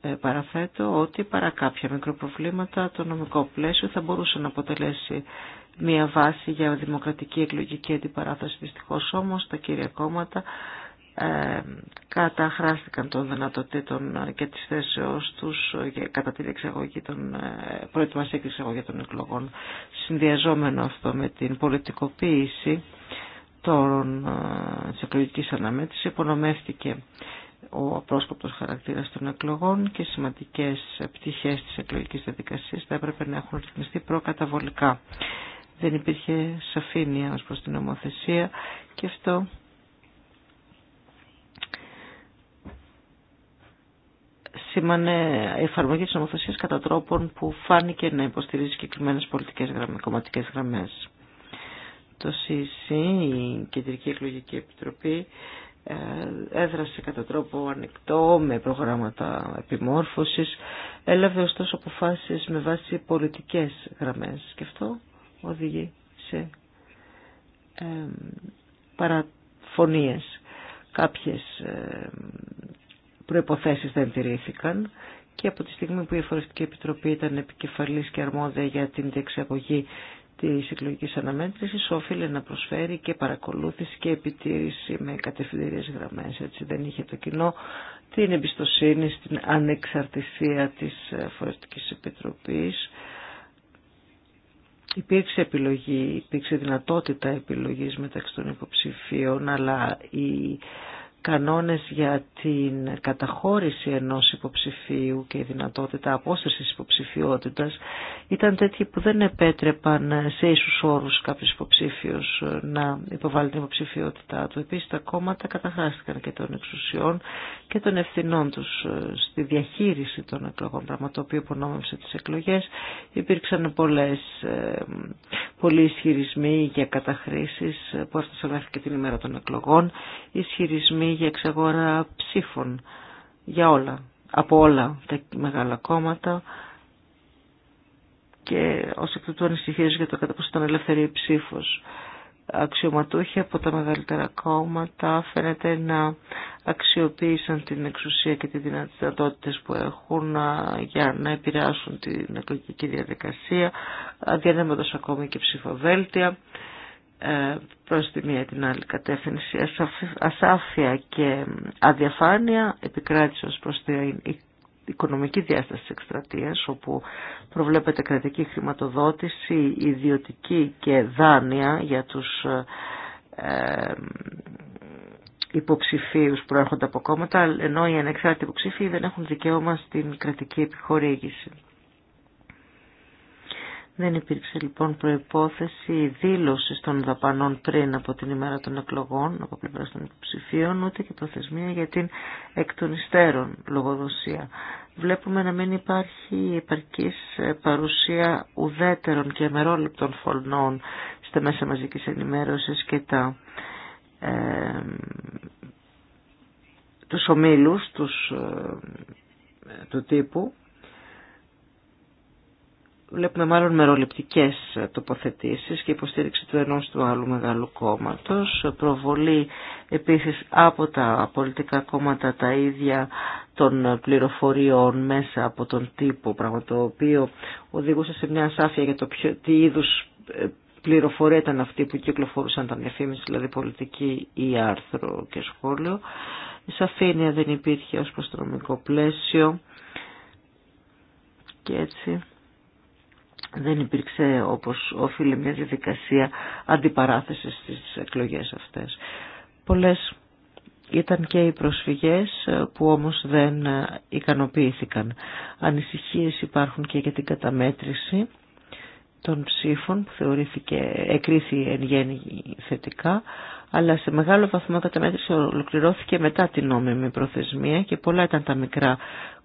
ε, παραθέτω ότι παρά κάποια μικροπροβλήματα το νομικό πλαίσιο θα μπορούσε να αποτελέσει μια βάση για δημοκρατική εκλογική αντιπαράθεση. Δυστυχώς όμως τα κύρια κόμματα ε, καταχράστηκαν των δυνατοτήτων και της θέσεώς τους κατά την εξαγωγή των, προετοιμασία και εξαγωγή των εκλογών. Συνδυαζόμενο αυτό με την πολιτικοποίηση των, ε, της εκλογικής αναμέτρησης υπονομεύτηκε ο απρόσκοπτος χαρακτήρας των εκλογών και σημαντικές πτυχέ της εκλογικής διαδικασίας θα έπρεπε να έχουν ρυθμιστεί προκαταβολικά. Δεν υπήρχε σαφήνεια ως προς την νομοθεσία και αυτό σήμανε εφαρμογή της νομοθεσίας κατά τρόπον που φάνηκε να υποστηρίζει συγκεκριμένες πολιτικές γραμμές, κομματικές γραμμές το ΣΥΣΥ, η Κεντρική Εκλογική Επιτροπή, ε, έδρασε κατά τρόπο ανοιχτό με προγράμματα επιμόρφωσης, έλαβε ωστόσο αποφάσεις με βάση πολιτικές γραμμές και αυτό οδηγεί σε ε, παραφωνίες. Κάποιες ε, προϋποθέσεις δεν τηρήθηκαν και από τη στιγμή που η Εφορευτική Επιτροπή ήταν επικεφαλής και αρμόδια για την διεξαγωγή της εκλογικής αναμέτρησης όφιλε να προσφέρει και παρακολούθηση και επιτήρηση με κατευθυντήριες γραμμές. Έτσι δεν είχε το κοινό την εμπιστοσύνη στην ανεξαρτησία της Φορεστικής Επιτροπής. Υπήρξε επιλογή, υπήρξε δυνατότητα επιλογής μεταξύ των υποψηφίων, αλλά η κανόνες για την καταχώρηση ενός υποψηφίου και η δυνατότητα απόστασης υποψηφιότητας ήταν τέτοιοι που δεν επέτρεπαν σε ίσους όρους κάποιος υποψήφιος να υποβάλει την υποψηφιότητά του. Επίσης τα κόμματα καταχράστηκαν και των εξουσιών και των ευθυνών τους στη διαχείριση των εκλογών, πράγμα το οποίο υπονόμευσε τις εκλογές. Υπήρξαν πολλές, ε, πολλοί ισχυρισμοί για καταχρήσεις που έφτασαν και την ημέρα των εκλογών, ισχυρισμοί για εξαγορά ψήφων για όλα, από όλα τα μεγάλα κόμματα και ως εκ τούτου για το κατά πόσο ήταν ελεύθερη ψήφος. Αξιωματούχοι από τα μεγαλύτερα κόμματα φαίνεται να αξιοποίησαν την εξουσία και τη δυνατότητες που έχουν για να επηρεάσουν την εκλογική διαδικασία, διανέμοντας ακόμη και ψηφοβέλτια. Ε, προς τη μία την άλλη κατεύθυνση. Ασάφεια και αδιαφάνεια επικράτησε ως προς την οικονομική διάσταση της εκστρατείας, όπου προβλέπεται κρατική χρηματοδότηση, ιδιωτική και δάνεια για τους ε, ε, υποψηφίους που έρχονται από κόμματα, ενώ οι ανεξάρτητοι υποψήφοι δεν έχουν δικαίωμα στην κρατική επιχορήγηση. Δεν υπήρξε λοιπόν προϋπόθεση δήλωση των δαπανών πριν από την ημέρα των εκλογών από πλευρά των υποψηφίων, ούτε και προθεσμία για την εκ των υστέρων λογοδοσία. Βλέπουμε να μην υπάρχει επαρκής παρουσία ουδέτερων και αμερόληπτων φωνών στα μέσα μαζικής ενημέρωσης και τα, ε, τους ομίλους τους, ε, του τύπου βλέπουμε μάλλον μεροληπτικές τοποθετήσεις και υποστήριξη του ενός του άλλου μεγάλου κόμματος, προβολή επίσης από τα πολιτικά κόμματα τα ίδια των πληροφοριών μέσα από τον τύπο, πράγμα το οποίο οδηγούσε σε μια ασάφεια για το ποιο, τι είδους ε, πληροφορία ήταν αυτή που κυκλοφορούσαν τα διαφήμιση, δηλαδή πολιτική ή άρθρο και σχόλιο. Η σαφήνεια δεν υπήρχε ως προστρομικό πλαίσιο και έτσι δεν υπήρξε όπως όφιλε μια διαδικασία αντιπαράθεσης στις εκλογές αυτές. Πολλές ήταν και οι προσφυγές ε, που όμως δεν ε, ικανοποιήθηκαν. Ανησυχίες υπάρχουν και για την καταμέτρηση των ψήφων που θεωρήθηκε εκρίθη εν γέννη θετικά αλλά σε μεγάλο βαθμό καταμέτρηση ολοκληρώθηκε μετά την νόμιμη προθεσμία και πολλά ήταν τα μικρά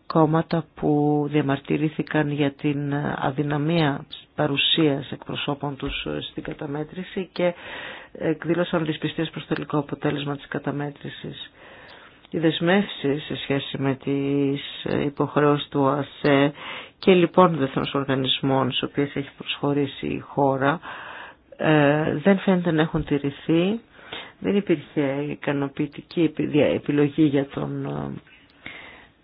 κόμματα που διαμαρτυρήθηκαν για την αδυναμία παρουσίας εκπροσώπων τους στην καταμέτρηση και εκδήλωσαν δυσπιστίες προς τελικό αποτέλεσμα της καταμέτρησης. Οι δεσμεύσει σε σχέση με τις υποχρεώσεις του ΑΣΕ και λοιπόν δεθνών οργανισμών στους οποίες έχει προσχωρήσει η χώρα ε, δεν φαίνεται να έχουν τηρηθεί. Δεν υπήρχε ικανοποιητική επιλογή για τον ε,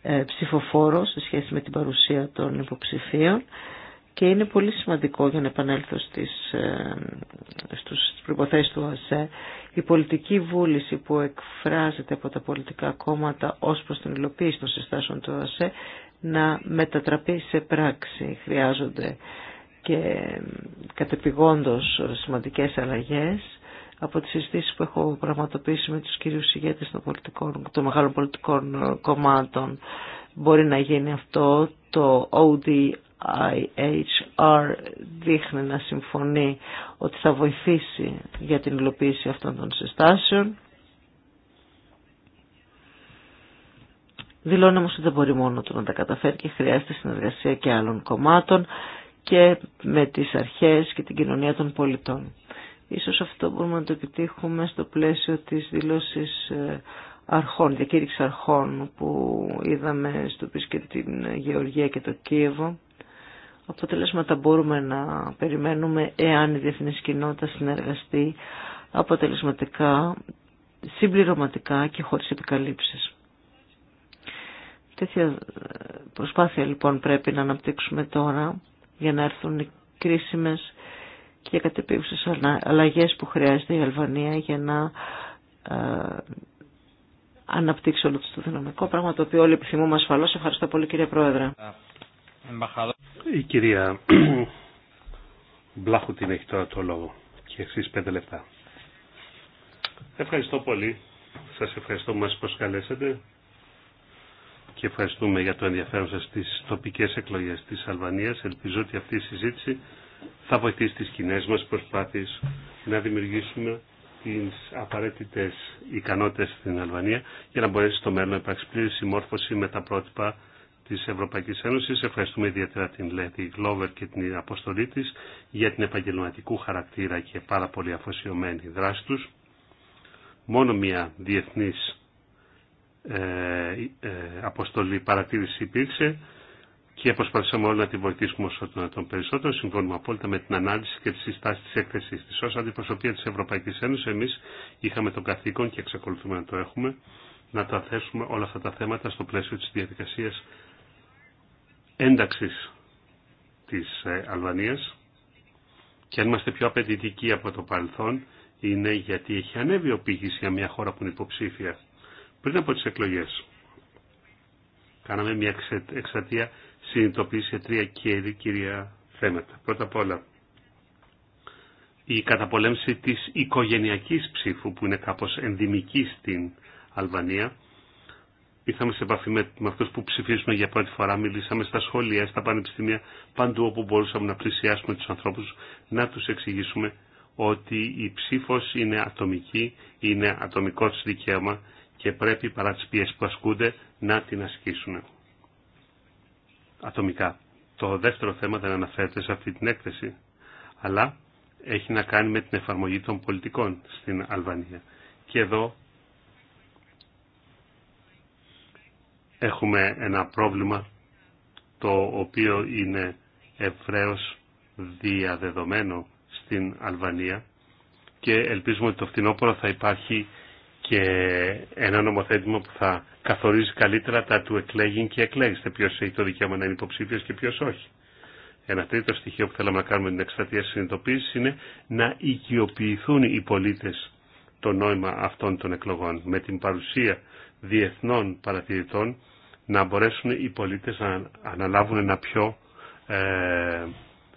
ε, ψηφοφόρο σε σχέση με την παρουσία των υποψηφίων και είναι πολύ σημαντικό για να επανέλθω στις, ε, στους του ΑΣΕ η πολιτική βούληση που εκφράζεται από τα πολιτικά κόμματα ως προς την υλοποίηση των συστάσεων του ΑΣΕ να μετατραπεί σε πράξη. Χρειάζονται και ε, κατεπηγόντως σημαντικές αλλαγές από τις συζητήσεις που έχω πραγματοποιήσει με τους κυρίους ηγέτες των, πολιτικών, των μεγάλων πολιτικών ε, κομμάτων μπορεί να γίνει αυτό. Το ODIHR δείχνει να συμφωνεί ότι θα βοηθήσει για την υλοποίηση αυτών των συστάσεων. Δηλώνει όμως ότι δεν μπορεί μόνο του να τα καταφέρει και χρειάζεται συνεργασία και άλλων κομμάτων και με τις αρχές και την κοινωνία των πολιτών. Ίσως αυτό μπορούμε να το επιτύχουμε στο πλαίσιο της δηλώσης ε, αρχών, διακήρυξη αρχών που είδαμε στο πίσω και την Γεωργία και το Κίεβο. Αποτελέσματα μπορούμε να περιμένουμε εάν η διεθνή κοινότητα συνεργαστεί αποτελεσματικά, συμπληρωματικά και χωρίς επικαλύψεις. Τέτοια ε, προσπάθεια λοιπόν πρέπει να αναπτύξουμε τώρα για να έρθουν οι κρίσιμες και κατεπίουσες αλλαγές που χρειάζεται η Αλβανία για να ε, αναπτύξει όλο το δυναμικό, πράγμα το οποίο όλοι επιθυμούμε ασφαλώς. Ευχαριστώ πολύ κύριε Πρόεδρε. Η κυρία Μπλάχου την έχει τώρα το λόγο και εσείς πέντε λεπτά. Ευχαριστώ πολύ. Σας ευχαριστώ που μας προσκαλέσατε και ευχαριστούμε για το ενδιαφέρον σας στις τοπικές εκλογές της Αλβανίας. Ελπίζω ότι αυτή η συζήτηση θα βοηθήσει τις κοινέ μας προσπάθειες να δημιουργήσουμε τις απαραίτητες ικανότητες στην Αλβανία για να μπορέσει στο μέλλον να υπάρξει πλήρη συμμόρφωση με τα πρότυπα της Ευρωπαϊκής Ένωσης. Ευχαριστούμε ιδιαίτερα την Λέδη Γλόβερ και την αποστολή της για την επαγγελματικού χαρακτήρα και πάρα πολύ αφοσιωμένη δράση τους. Μόνο μια διεθνής ε, ε, αποστολή παρατήρηση υπήρξε και προσπαθήσαμε όλοι να τη βοηθήσουμε όσο το δυνατόν περισσότερο. Συμφωνούμε απόλυτα με την ανάλυση και τι συστάσει τη έκθεση τη. Ω αντιπροσωπεία τη Ευρωπαϊκή Ένωση, εμεί είχαμε τον καθήκον και εξακολουθούμε να το έχουμε να τα θέσουμε όλα αυτά τα θέματα στο πλαίσιο της διαδικασίας ένταξης της ε, Αλβανίας και αν είμαστε πιο απαιτητικοί από το παρελθόν είναι γιατί έχει ανέβει ο πύχη για μια χώρα που είναι υποψήφια πριν από τις εκλογές. Κάναμε μια εξατία Συνειδητοποίησε τρία τρία κυρία θέματα. Πρώτα απ' όλα, η καταπολέμηση της οικογενειακής ψήφου που είναι κάπως ενδυμική στην Αλβανία. Ήρθαμε σε επαφή με, με αυτούς που ψηφίσουμε για πρώτη φορά, μιλήσαμε στα σχολεία, στα πανεπιστήμια, παντού όπου μπορούσαμε να πλησιάσουμε τους ανθρώπους, να τους εξηγήσουμε ότι η ψήφος είναι ατομική, είναι ατομικό της δικαίωμα και πρέπει παρά τις πιέσεις που ασκούνται να την ασκήσουν ατομικά. Το δεύτερο θέμα δεν αναφέρεται σε αυτή την έκθεση, αλλά έχει να κάνει με την εφαρμογή των πολιτικών στην Αλβανία. Και εδώ έχουμε ένα πρόβλημα το οποίο είναι ευρέως διαδεδομένο στην Αλβανία και ελπίζουμε ότι το φθινόπωρο θα υπάρχει και ένα νομοθέτημα που θα καθορίζει καλύτερα τα του εκλέγην και εκλέγεστε ποιο έχει το δικαίωμα να είναι υποψήφιο και ποιο όχι. Ένα τρίτο στοιχείο που θέλαμε να κάνουμε την εκστρατεία συνειδητοποίηση είναι να οικειοποιηθούν οι πολίτε το νόημα αυτών των εκλογών. Με την παρουσία διεθνών παρατηρητών να μπορέσουν οι πολίτες να αναλάβουν ένα πιο ε,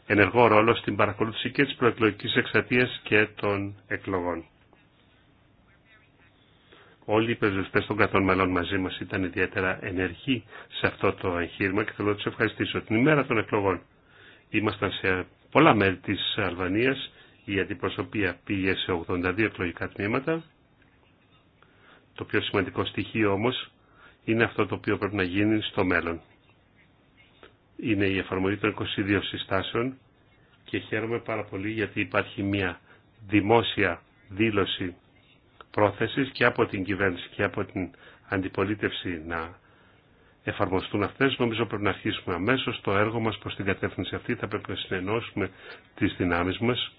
ενεργό ρόλο στην παρακολούθηση και της προεκλογικής εξατίας και των εκλογών. Όλοι οι πρεσβευτέ των κρατών μελών μαζί μα ήταν ιδιαίτερα ενεργοί σε αυτό το εγχείρημα και θέλω να του ευχαριστήσω. Την ημέρα των εκλογών ήμασταν σε πολλά μέρη τη Αλβανία. Η αντιπροσωπεία πήγε σε 82 εκλογικά τμήματα. Το πιο σημαντικό στοιχείο όμω είναι αυτό το οποίο πρέπει να γίνει στο μέλλον. Είναι η εφαρμογή των 22 συστάσεων και χαίρομαι πάρα πολύ γιατί υπάρχει μια δημόσια δήλωση πρόθεσης και από την κυβέρνηση και από την αντιπολίτευση να εφαρμοστούν αυτές, νομίζω πρέπει να αρχίσουμε αμέσως το έργο μας προς την κατεύθυνση αυτή, θα πρέπει να συνενώσουμε τις δυνάμεις μας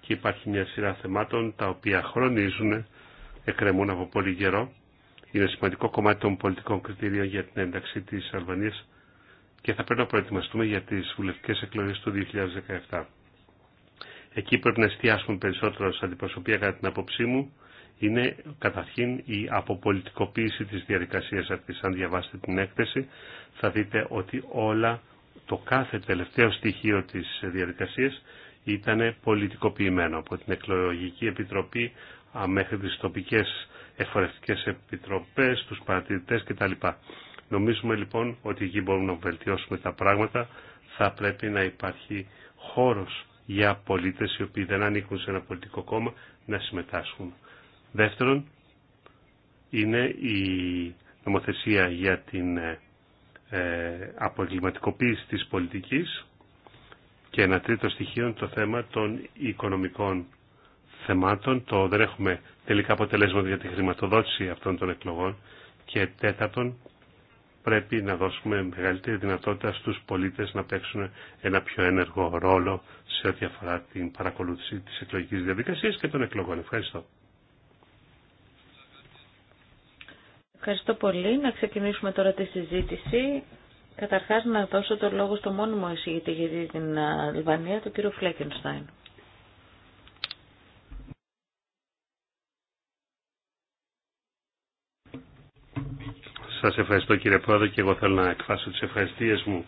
και υπάρχει μια σειρά θεμάτων τα οποία χρονίζουν, εκκρεμούν από πολύ καιρό. Είναι σημαντικό κομμάτι των πολιτικών κριτηρίων για την ένταξη της Αλβανίας και θα πρέπει να προετοιμαστούμε για τις βουλευτικές εκλογές του 2017. Εκεί πρέπει να εστιάσουμε περισσότερο σαν αντιπροσωπεία κατά την απόψή μου είναι καταρχήν η αποπολιτικοποίηση της διαδικασίας αυτής. Αν διαβάσετε την έκθεση θα δείτε ότι όλα το κάθε τελευταίο στοιχείο της διαδικασίας ήταν πολιτικοποιημένο από την εκλογική επιτροπή μέχρι τις τοπικές εφορευτικές επιτροπές, τους παρατηρητές κτλ. Νομίζουμε λοιπόν ότι εκεί μπορούμε να βελτιώσουμε τα πράγματα. Θα πρέπει να υπάρχει χώρος για πολίτες οι οποίοι δεν ανήκουν σε ένα πολιτικό κόμμα να συμμετάσχουν Δεύτερον, είναι η νομοθεσία για την ε, ε της πολιτικής και ένα τρίτο στοιχείο είναι το θέμα των οικονομικών θεμάτων. Το δεν έχουμε τελικά αποτελέσματα για τη χρηματοδότηση αυτών των εκλογών και τέταρτον πρέπει να δώσουμε μεγαλύτερη δυνατότητα στους πολίτες να παίξουν ένα πιο ένεργο ρόλο σε ό,τι αφορά την παρακολούθηση της εκλογικής διαδικασίας και των εκλογών. Ευχαριστώ. Ευχαριστώ πολύ. Να ξεκινήσουμε τώρα τη συζήτηση. Καταρχάς να δώσω το λόγο στο μόνιμο εισηγητή για την Αλβανία, τον κύριο Φλέκενστάιν. Σας ευχαριστώ κύριε Πρόεδρε και εγώ θέλω να εκφράσω τις ευχαριστίες μου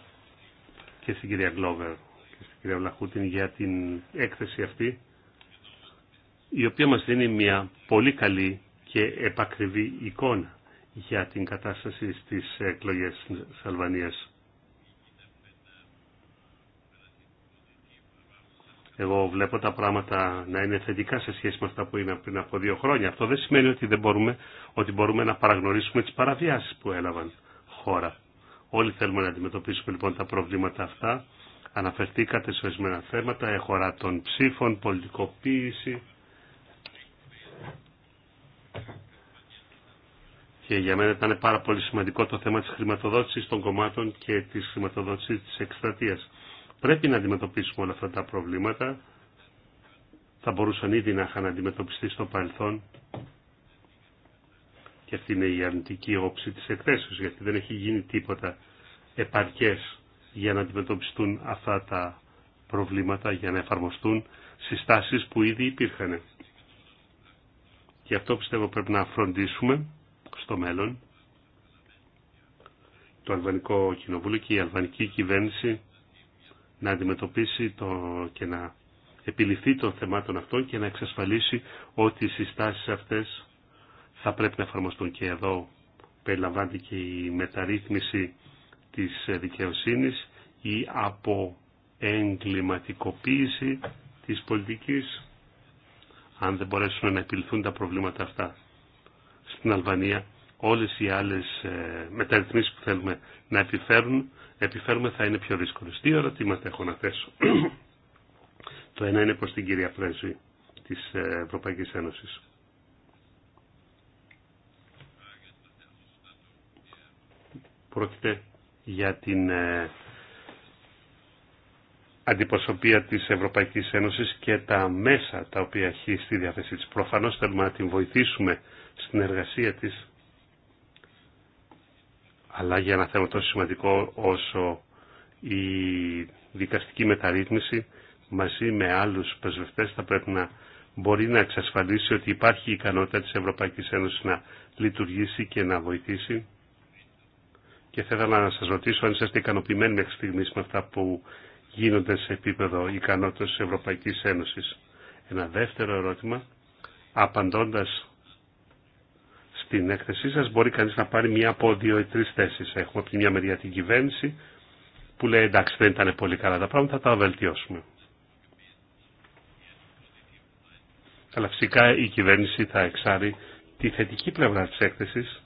και στην κυρία Γκλόβερ και στην κυρία Βλαχούτιν για την έκθεση αυτή η οποία μας δίνει μια πολύ καλή και επακριβή εικόνα για την κατάσταση στις εκλογές της Αλβανίας. Εγώ βλέπω τα πράγματα να είναι θετικά σε σχέση με αυτά που είναι πριν από δύο χρόνια. Αυτό δεν σημαίνει ότι, δεν μπορούμε, ότι μπορούμε να παραγνωρίσουμε τις παραβιάσεις που έλαβαν χώρα. Όλοι θέλουμε να αντιμετωπίσουμε λοιπόν τα προβλήματα αυτά. Αναφερθήκατε σε ορισμένα θέματα, εχωρά των ψήφων, πολιτικοποίηση και για μένα ήταν πάρα πολύ σημαντικό το θέμα της χρηματοδότησης των κομμάτων και της χρηματοδότησης της εκστρατείας. Πρέπει να αντιμετωπίσουμε όλα αυτά τα προβλήματα. Θα μπορούσαν ήδη να είχαν αντιμετωπιστεί στο παρελθόν. Και αυτή είναι η αρνητική όψη της εκθέσεως, γιατί δεν έχει γίνει τίποτα επαρκές για να αντιμετωπιστούν αυτά τα προβλήματα, για να εφαρμοστούν συστάσεις που ήδη υπήρχαν. Και αυτό πιστεύω πρέπει να φροντίσουμε στο μέλλον το Αλβανικό Κοινοβούλιο και η Αλβανική Κυβέρνηση να αντιμετωπίσει το, και να επιληφθεί των θεμάτων αυτών και να εξασφαλίσει ότι οι συστάσεις αυτές θα πρέπει να εφαρμοστούν και εδώ περιλαμβάνεται και η μεταρρύθμιση της δικαιοσύνης ή από εγκληματικοποίηση της πολιτικής αν δεν μπορέσουν να επιληθούν τα προβλήματα αυτά στην Αλβανία όλες οι άλλες ε, μεταρρυθμίσεις που θέλουμε να επιφέρουν, επιφέρουμε θα είναι πιο δύσκολες. Τι ερωτήματα έχω να θέσω. Το ένα είναι προς την κυρία Πρέσβη της ε, Ευρωπαϊκής Ένωσης. Πρόκειται για την ε, αντιπροσωπεία της Ευρωπαϊκής Ένωσης και τα μέσα τα οποία έχει στη διάθεσή της. Προφανώς θέλουμε να την βοηθήσουμε στην εργασία της. Αλλά για ένα θέμα τόσο σημαντικό όσο η δικαστική μεταρρύθμιση μαζί με άλλους πρεσβευτές θα πρέπει να μπορεί να εξασφαλίσει ότι υπάρχει η ικανότητα της Ευρωπαϊκής Ένωσης να λειτουργήσει και να βοηθήσει. Και θα ήθελα να σας ρωτήσω αν είστε ικανοποιημένοι μέχρι στιγμής με αυτά που γίνονται σε επίπεδο ικανότητας της Ευρωπαϊκής Ένωσης. Ένα δεύτερο ερώτημα, απαντώντας στην έκθεσή σας μπορεί κανείς να πάρει μία από δύο ή τρεις θέσεις. Έχουμε από τη μία μεριά την κυβέρνηση που λέει εντάξει δεν ήταν πολύ καλά τα πράγματα, θα τα βελτιώσουμε. Αλλά φυσικά η κυβέρνηση θα εξάρει τη θετική πλευρά της έκθεσης.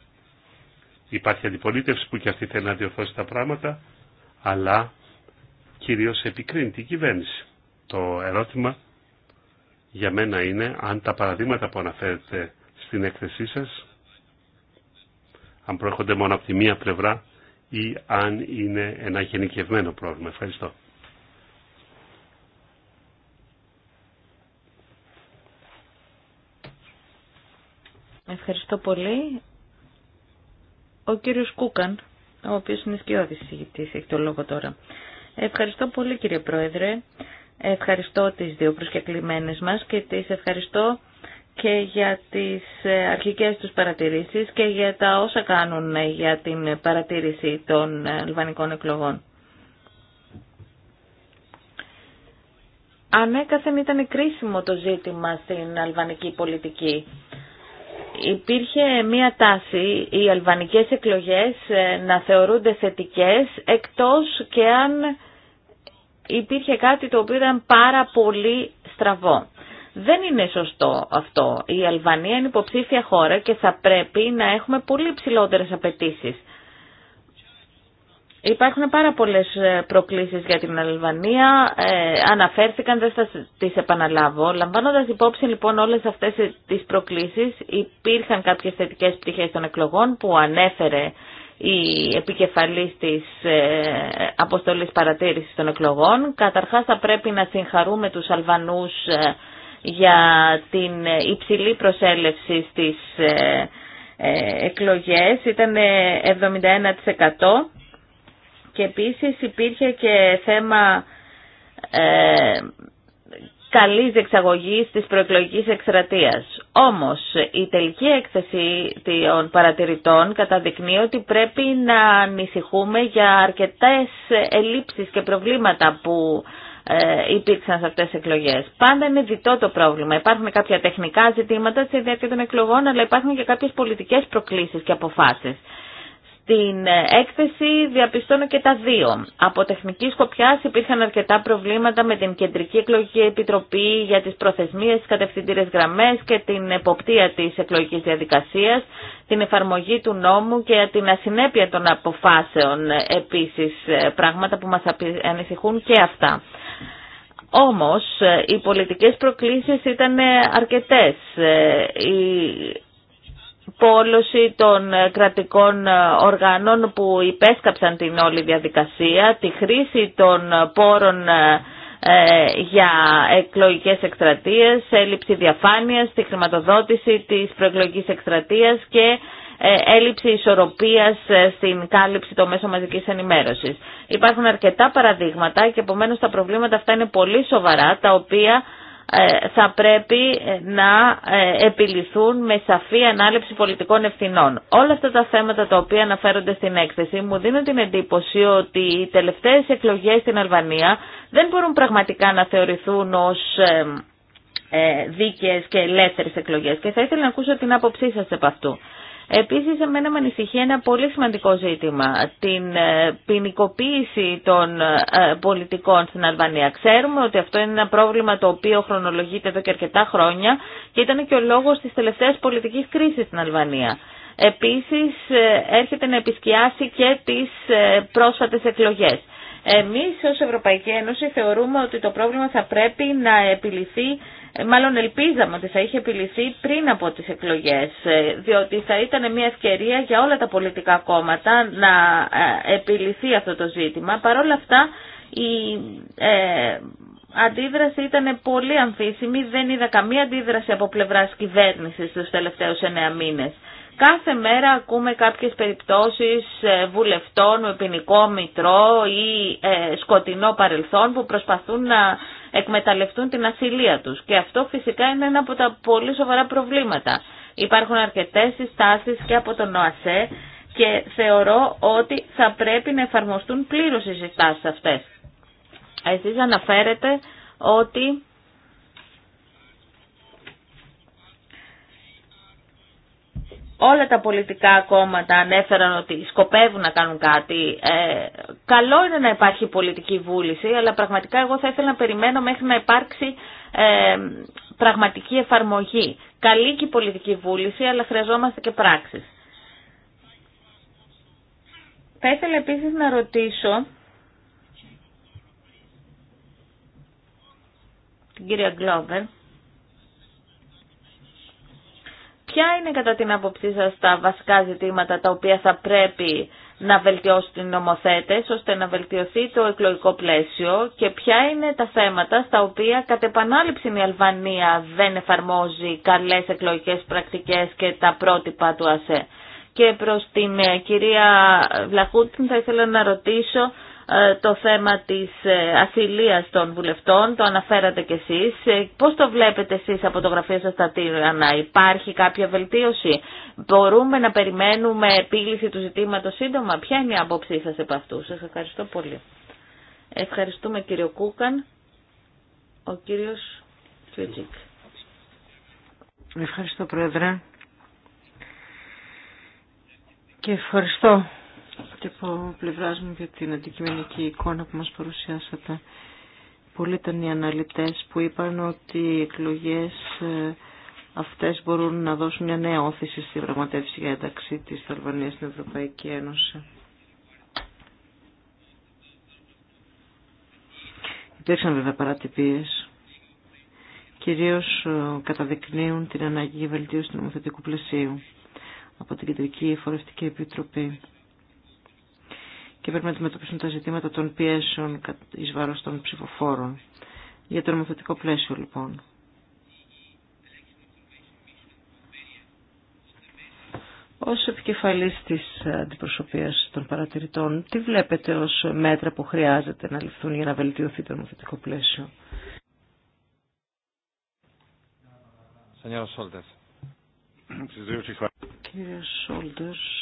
Υπάρχει αντιπολίτευση που και αυτή θέλει να διορθώσει τα πράγματα, αλλά κυρίως επικρίνει την κυβέρνηση. Το ερώτημα για μένα είναι αν τα παραδείγματα που αναφέρετε στην έκθεσή σας αν προέρχονται μόνο από τη μία πλευρά ή αν είναι ένα γενικευμένο πρόβλημα. Ευχαριστώ. Ευχαριστώ πολύ. Ο κύριος Κούκαν, ο οποίος είναι σκιώδης συγητής, έχει το λόγο τώρα. Ευχαριστώ πολύ κύριε Πρόεδρε. Ευχαριστώ τις δύο προσκεκλημένες μας και τις ευχαριστώ και για τις ε, αρχικές τους παρατηρήσεις και για τα όσα κάνουν ε, για την παρατήρηση των ε, αλβανικών εκλογών. Ανέκαθεν ήταν κρίσιμο το ζήτημα στην αλβανική πολιτική. Υπήρχε μία τάση οι αλβανικές εκλογές να θεωρούνται θετικές εκτός και αν υπήρχε κάτι το οποίο ήταν πάρα πολύ στραβό. Δεν είναι σωστό αυτό. Η Αλβανία είναι υποψήφια χώρα και θα πρέπει να έχουμε πολύ ψηλότερες απαιτήσεις. Υπάρχουν πάρα πολλές ε, προκλήσεις για την Αλβανία, ε, αναφέρθηκαν, δεν θα τις επαναλάβω. Λαμβάνοντας υπόψη λοιπόν όλες αυτές ε, τις προκλήσεις, υπήρχαν κάποιες θετικές πτυχές των εκλογών που ανέφερε η επικεφαλής της αποστολής παρατήρησης των εκλογών. Καταρχάς θα πρέπει να συγχαρούμε τους Αλβανούς για την υψηλή προσέλευση στις ε, ε, εκλογές ήταν 71% ε, και επίσης υπήρχε και θέμα ε, καλής εξαγωγής της προεκλογικής εκστρατείας. Όμως η τελική έκθεση των παρατηρητών καταδεικνύει ότι πρέπει να ανησυχούμε για αρκετές ελλείψεις και προβλήματα που ε, υπήρξαν σε αυτές τις εκλογές. Πάντα είναι διτό το πρόβλημα. Υπάρχουν κάποια τεχνικά ζητήματα στη διάρκεια των εκλογών, αλλά υπάρχουν και κάποιες πολιτικές προκλήσεις και αποφάσεις. Στην ε, έκθεση διαπιστώνω και τα δύο. Από τεχνική σκοπιά υπήρχαν αρκετά προβλήματα με την Κεντρική Εκλογική Επιτροπή για τις προθεσμίες, τις κατευθυντήρες γραμμές και την εποπτεία της εκλογικής διαδικασίας, την εφαρμογή του νόμου και την ασυνέπεια των αποφάσεων ε, επίσης, ε, πράγματα που μας ανησυχούν και αυτά. Όμως ε, οι πολιτικές προκλήσεις ήταν ε, αρκετές. Ε, η πόλωση των κρατικών οργάνων που υπέσκαψαν την όλη διαδικασία, τη χρήση των πόρων για εκλογικές εκστρατείες, έλλειψη διαφάνειας, τη χρηματοδότηση της προεκλογικής εκστρατείας και ε, έλλειψη ισορροπίας ε, στην κάλυψη των μέσων ενημέρωσης. Υπάρχουν αρκετά παραδείγματα και επομένως τα προβλήματα αυτά είναι πολύ σοβαρά, τα οποία ε, θα πρέπει να επιληθούν με σαφή ανάληψη πολιτικών ευθυνών. Όλα αυτά τα θέματα τα οποία αναφέρονται στην έκθεση μου δίνουν την εντύπωση ότι οι τελευταίες εκλογές στην Αλβανία δεν μπορούν πραγματικά να θεωρηθούν ως δίκαιες και ελεύθερες εκλογές και θα ήθελα να ακούσω την άποψή σας επ' αυτού. Επίσης, εμένα με ανησυχεί ένα πολύ σημαντικό ζήτημα, την ε, ποινικοποίηση των ε, πολιτικών στην Αλβανία. Ξέρουμε ότι αυτό είναι ένα πρόβλημα το οποίο χρονολογείται εδώ και αρκετά χρόνια και ήταν και ο λόγος της τελευταίας πολιτικής κρίσης στην Αλβανία. Επίσης, ε, έρχεται να επισκιάσει και τις πρόσφατες εκλογές. Εμείς ως Ευρωπαϊκή Ένωση θεωρούμε ότι το πρόβλημα θα πρέπει να επιληθεί μάλλον ελπίζαμε ότι θα είχε επιληθεί πριν από τις εκλογές, ε, διότι θα ήταν μια ευκαιρία για όλα τα πολιτικά κόμματα να ε, επιληθεί αυτό το ζήτημα. Παρ' όλα αυτά η ε, αντίδραση ήταν πολύ αμφίσιμη, δεν είδα καμία αντίδραση από πλευράς κυβέρνησης τους τελευταίους εννέα μήνες. Κάθε μέρα ακούμε κάποιες περιπτώσεις ε, βουλευτών με ποινικό μητρό ή ε, σκοτεινό παρελθόν που προσπαθούν να εκμεταλλευτούν την ασυλία τους. Και αυτό φυσικά είναι ένα από τα πολύ σοβαρά προβλήματα. Υπάρχουν αρκετές συστάσεις και από τον ΟΑΣΕ και θεωρώ ότι θα πρέπει να εφαρμοστούν πλήρως οι συστάσεις αυτές. Εσείς αναφέρετε ότι όλα τα πολιτικά κόμματα ανέφεραν ότι σκοπεύουν να κάνουν κάτι. Ε, καλό είναι να υπάρχει πολιτική βούληση, αλλά πραγματικά εγώ θα ήθελα να περιμένω μέχρι να υπάρξει ε, πραγματική εφαρμογή. Καλή και η πολιτική βούληση, αλλά χρειαζόμαστε και πράξεις. Θα ήθελα επίσης να ρωτήσω την κυρία Γκλόβερ, Ποια είναι κατά την άποψή σας τα βασικά ζητήματα τα οποία θα πρέπει να βελτιώσουν την νομοθέτες ώστε να βελτιωθεί το εκλογικό πλαίσιο και ποια είναι τα θέματα στα οποία κατ' επανάληψη η Αλβανία δεν εφαρμόζει καλές εκλογικές πρακτικές και τα πρότυπα του ΑΣΕ. Και προς την ε, κυρία Βλαχούτιν θα ήθελα να ρωτήσω ε, το θέμα της ε, ασυλίας των βουλευτών, το αναφέρατε κι εσείς. Ε, πώς το βλέπετε εσείς από το γραφείο σας τα υπάρχει κάποια βελτίωση, μπορούμε να περιμένουμε επίλυση του ζητήματος σύντομα, ποια είναι η άποψή σας επ' αυτού. Σας ευχαριστώ πολύ. Ευχαριστούμε κύριο Κούκαν, ο κύριος Φιτζίκ. Ευχαριστώ Πρόεδρε και ευχαριστώ και από πλευρά μου για την αντικειμενική εικόνα που μας παρουσιάσατε. Πολλοί ήταν οι αναλυτές που είπαν ότι οι εκλογές ε, αυτές μπορούν να δώσουν μια νέα όθηση στη πραγματεύση για ένταξη της Αλβανίας στην Ευρωπαϊκή Ένωση. Υπήρξαν βέβαια παρατυπίες. Κυρίως ε, καταδεικνύουν την ανάγκη για βελτίωση του νομοθετικού πλαισίου από την Κεντρική Φορευτική Επιτροπή και πρέπει να αντιμετωπίσουν τα ζητήματα των πιέσεων εις βάρος των ψηφοφόρων. Για το νομοθετικό πλαίσιο λοιπόν. Ως επικεφαλής της αντιπροσωπείας των παρατηρητών, τι βλέπετε ως μέτρα που χρειάζεται να ληφθούν για να βελτιωθεί το νομοθετικό πλαίσιο. Κύριε Σόλτερς.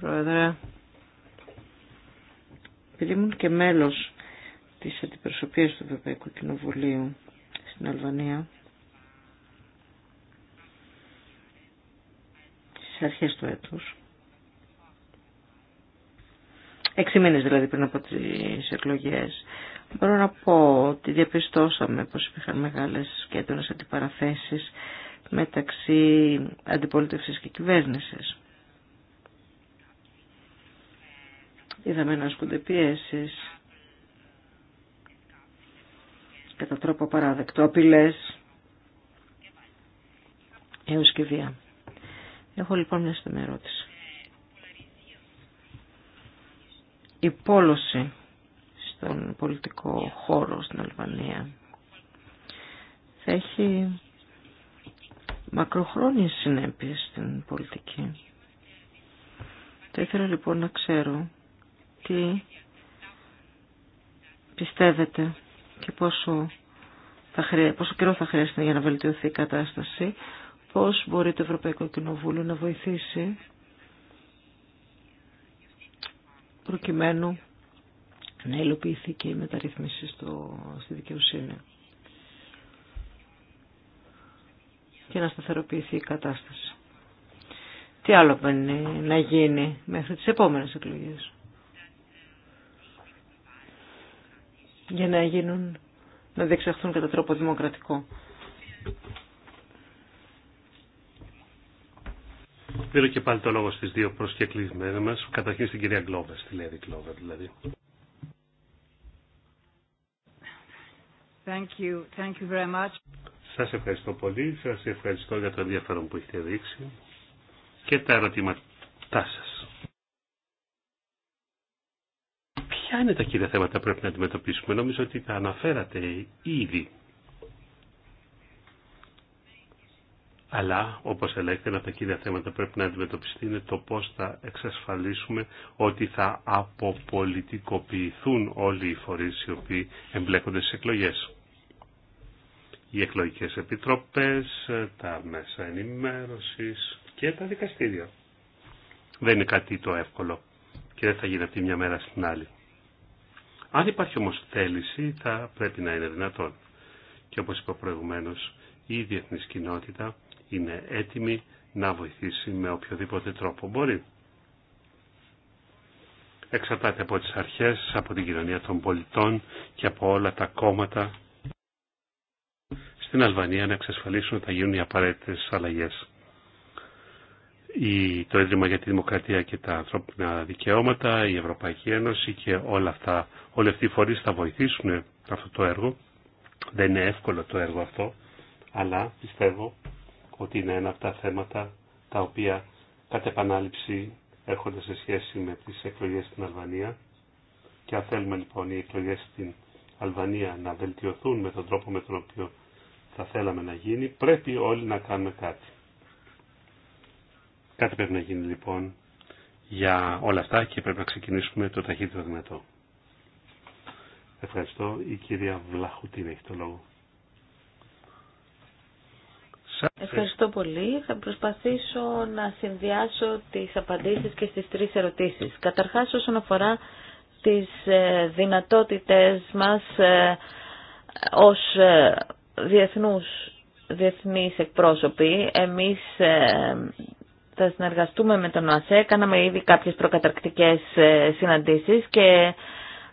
Πρόεδρε. Επειδή ήμουν και μέλος της αντιπροσωπείας του Ευρωπαϊκού Κοινοβουλίου στην Αλβανία, στις αρχές του έτους, έξι μήνες δηλαδή πριν από τις εκλογές, μπορώ να πω ότι διαπιστώσαμε πως υπήρχαν μεγάλες και έντονες αντιπαραθέσεις μεταξύ αντιπολίτευσης και κυβέρνησης. είδαμε να ασκούνται πιέσει κατά τρόπο παράδεκτο, Απειλέ. Έω και βία. Έχω λοιπόν μια στιγμή ερώτηση. Η πόλωση στον πολιτικό χώρο στην Αλβανία θα έχει μακροχρόνιες συνέπειες στην πολιτική. Θα ήθελα λοιπόν να ξέρω τι πιστεύετε και πόσο, θα πόσο καιρό θα χρειαστεί για να βελτιωθεί η κατάσταση, πώς μπορεί το Ευρωπαϊκό Κοινοβούλιο να βοηθήσει προκειμένου να υλοποιηθεί και η μεταρρύθμιση στο, στη δικαιοσύνη και να σταθεροποιηθεί η κατάσταση. Τι άλλο πρέπει να γίνει μέχρι τις επόμενες εκλογές. για να γίνουν, να διεξαχθούν κατά τρόπο δημοκρατικό. Δίνω και πάλι το λόγο στις δύο προσκεκλεισμένες μας, καταρχήν στην κυρία Γκλόβερ, στη Λέδη Γκλόβερ δηλαδή. Thank you. Thank you very much. Σας ευχαριστώ πολύ, σας ευχαριστώ για το ενδιαφέρον που έχετε δείξει και τα ερωτήματά σας. Ποια είναι τα κύρια θέματα που πρέπει να αντιμετωπίσουμε. Νομίζω ότι τα αναφέρατε ήδη. Αλλά, όπως ελέγχεται, ένα από τα κύρια θέματα που πρέπει να αντιμετωπιστεί είναι το πώς θα εξασφαλίσουμε ότι θα αποπολιτικοποιηθούν όλοι οι φορείς οι οποίοι εμπλέκονται στις εκλογές. Οι εκλογικές επιτροπές, τα μέσα ενημέρωσης και τα δικαστήρια. Δεν είναι κάτι το εύκολο και δεν θα γίνεται μια μέρα στην άλλη. Αν υπάρχει όμως θέληση θα πρέπει να είναι δυνατόν. Και όπως είπα προηγουμένως, η διεθνής κοινότητα είναι έτοιμη να βοηθήσει με οποιοδήποτε τρόπο μπορεί. Εξαρτάται από τις αρχές, από την κοινωνία των πολιτών και από όλα τα κόμματα στην Αλβανία να εξασφαλίσουν ότι θα γίνουν οι απαραίτητες αλλαγές η, το Ίδρυμα για τη Δημοκρατία και τα Ανθρώπινα Δικαιώματα, η Ευρωπαϊκή Ένωση και όλα αυτά, όλοι αυτοί οι φορείς θα βοηθήσουν αυτό το έργο. Δεν είναι εύκολο το έργο αυτό, αλλά πιστεύω ότι είναι ένα από τα θέματα τα οποία κατ' επανάληψη έρχονται σε σχέση με τις εκλογές στην Αλβανία και αν θέλουμε λοιπόν οι εκλογές στην Αλβανία να βελτιωθούν με τον τρόπο με τον οποίο θα θέλαμε να γίνει, πρέπει όλοι να κάνουμε κάτι. Κάτι πρέπει να γίνει λοιπόν για όλα αυτά και πρέπει να ξεκινήσουμε το ταχύτερο δυνατό. Ευχαριστώ. Η κυρία Βλαχουτίν έχει το λόγο. Ευχαριστώ πολύ. Θα προσπαθήσω να συνδυάσω τις απαντήσεις και στις τρεις ερωτήσεις. Καταρχάς όσον αφορά τις ε, δυνατότητες μας ε, ως ε, διεθνούς, διεθνείς εκπρόσωποι, εμείς θα συνεργαστούμε με τον ΟΑΣΕ. Κάναμε ήδη κάποιες προκαταρκτικές ε, συναντήσεις και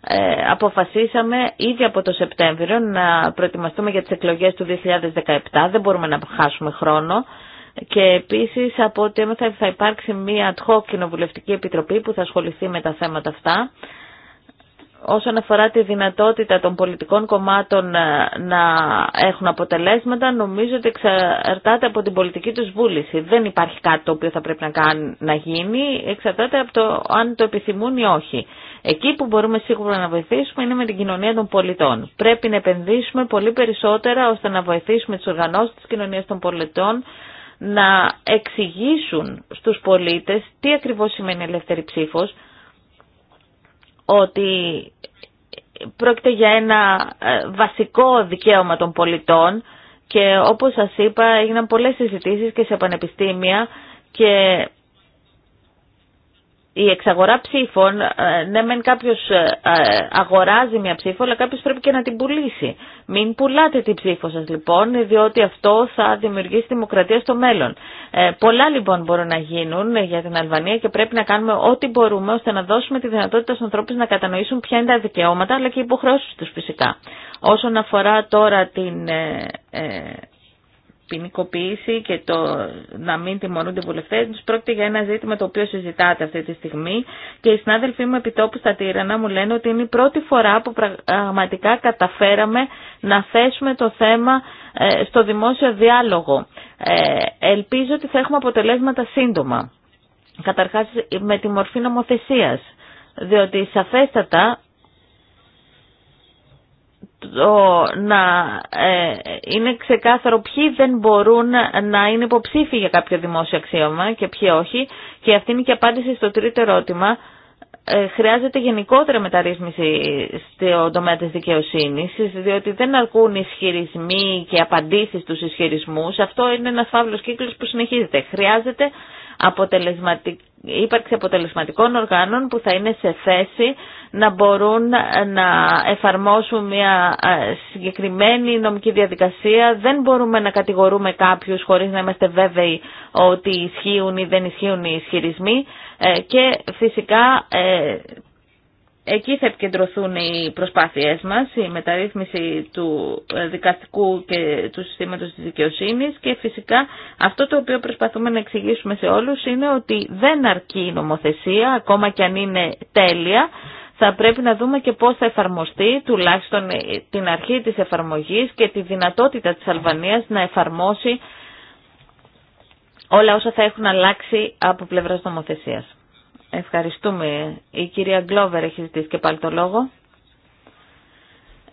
ε, αποφασίσαμε ήδη από το Σεπτέμβριο να προετοιμαστούμε για τις εκλογές του 2017. Δεν μπορούμε να χάσουμε χρόνο. Και επίσης από ότι θα υπάρξει μια ad hoc κοινοβουλευτική επιτροπή που θα ασχοληθεί με τα θέματα αυτά όσον αφορά τη δυνατότητα των πολιτικών κομμάτων ε, να έχουν αποτελέσματα, νομίζω ότι εξαρτάται από την πολιτική τους βούληση. Δεν υπάρχει κάτι το οποίο θα πρέπει να, κάνει, να γίνει, εξαρτάται από το αν το επιθυμούν ή όχι. Εκεί που μπορούμε σίγουρα να βοηθήσουμε είναι με την κοινωνία των πολιτών. Πρέπει να επενδύσουμε πολύ περισσότερα ώστε να βοηθήσουμε τις οργανώσεις της κοινωνίας των πολιτών να εξηγήσουν στους πολίτες τι ακριβώς σημαίνει ελεύθερη ψήφος, ότι πρόκειται για ένα ε, βασικό δικαίωμα των πολιτών και όπως σας είπα έγιναν πολλές συζητήσεις και σε πανεπιστήμια και η εξαγορά ψήφων, ε, ναι μεν κάποιος ε, ε, αγοράζει μια ψήφο, αλλά κάποιος πρέπει και να την πουλήσει. Μην πουλάτε την ψήφο σας λοιπόν, διότι αυτό θα δημιουργήσει δημοκρατία στο μέλλον. πολλά λοιπόν μπορούν να γίνουν για την Αλβανία και πρέπει να κάνουμε ό,τι μπορούμε ώστε να δώσουμε τη δυνατότητα στους ανθρώπους να κατανοήσουν ποια είναι τα δικαιώματα αλλά και οι υποχρεώσεις τους φυσικά. Όσον αφορά τώρα την ποινικοποίηση και το να μην τιμωρούνται βουλευτέ του πρόκειται για ένα ζήτημα το οποίο συζητάτε αυτή τη στιγμή και οι συνάδελφοί μου επιτόπου στα Τύρανα μου λένε ότι είναι η πρώτη φορά που πραγματικά καταφέραμε να θέσουμε το θέμα ε, στο δημόσιο διάλογο. Ε, ελπίζω ότι θα έχουμε αποτελέσματα σύντομα. Καταρχάς με τη μορφή νομοθεσίας, διότι σαφέστατα το να ε, είναι ξεκάθαρο ποιοι δεν μπορούν να είναι υποψήφοι για κάποιο δημόσιο αξίωμα και ποιοι όχι. Και αυτή είναι και απάντηση στο τρίτο ερώτημα. Ε, χρειάζεται γενικότερα μεταρρύθμιση στο τομέα της δικαιοσύνης, διότι δεν αρκούν ισχυρισμοί και απαντήσεις στους ισχυρισμούς. Αυτό είναι ένας φαύλος κύκλος που συνεχίζεται. Χρειάζεται αποτελεσματική ύπαρξη αποτελεσματικών οργάνων που θα είναι σε θέση να μπορούν να εφαρμόσουν μια ε, συγκεκριμένη νομική διαδικασία. Δεν μπορούμε να κατηγορούμε κάποιους χωρίς να είμαστε βέβαιοι ότι ισχύουν ή δεν ισχύουν οι ισχυρισμοί ε, και φυσικά ε, Εκεί θα επικεντρωθούν οι προσπάθειές μας, η μεταρρύθμιση του ε, δικαστικού και του συστήματος της δικαιοσύνης και φυσικά αυτό το οποίο προσπαθούμε να εξηγήσουμε σε όλους είναι ότι δεν αρκεί η νομοθεσία, ακόμα και αν είναι τέλεια, θα πρέπει να δούμε και πώς θα εφαρμοστεί τουλάχιστον ε, την αρχή της εφαρμογής και τη δυνατότητα της Αλβανίας να εφαρμόσει όλα όσα θα έχουν αλλάξει από πλευράς νομοθεσίας. Ευχαριστούμε. Η κυρία Γκλόβερ έχει ζητήσει και πάλι το λόγο.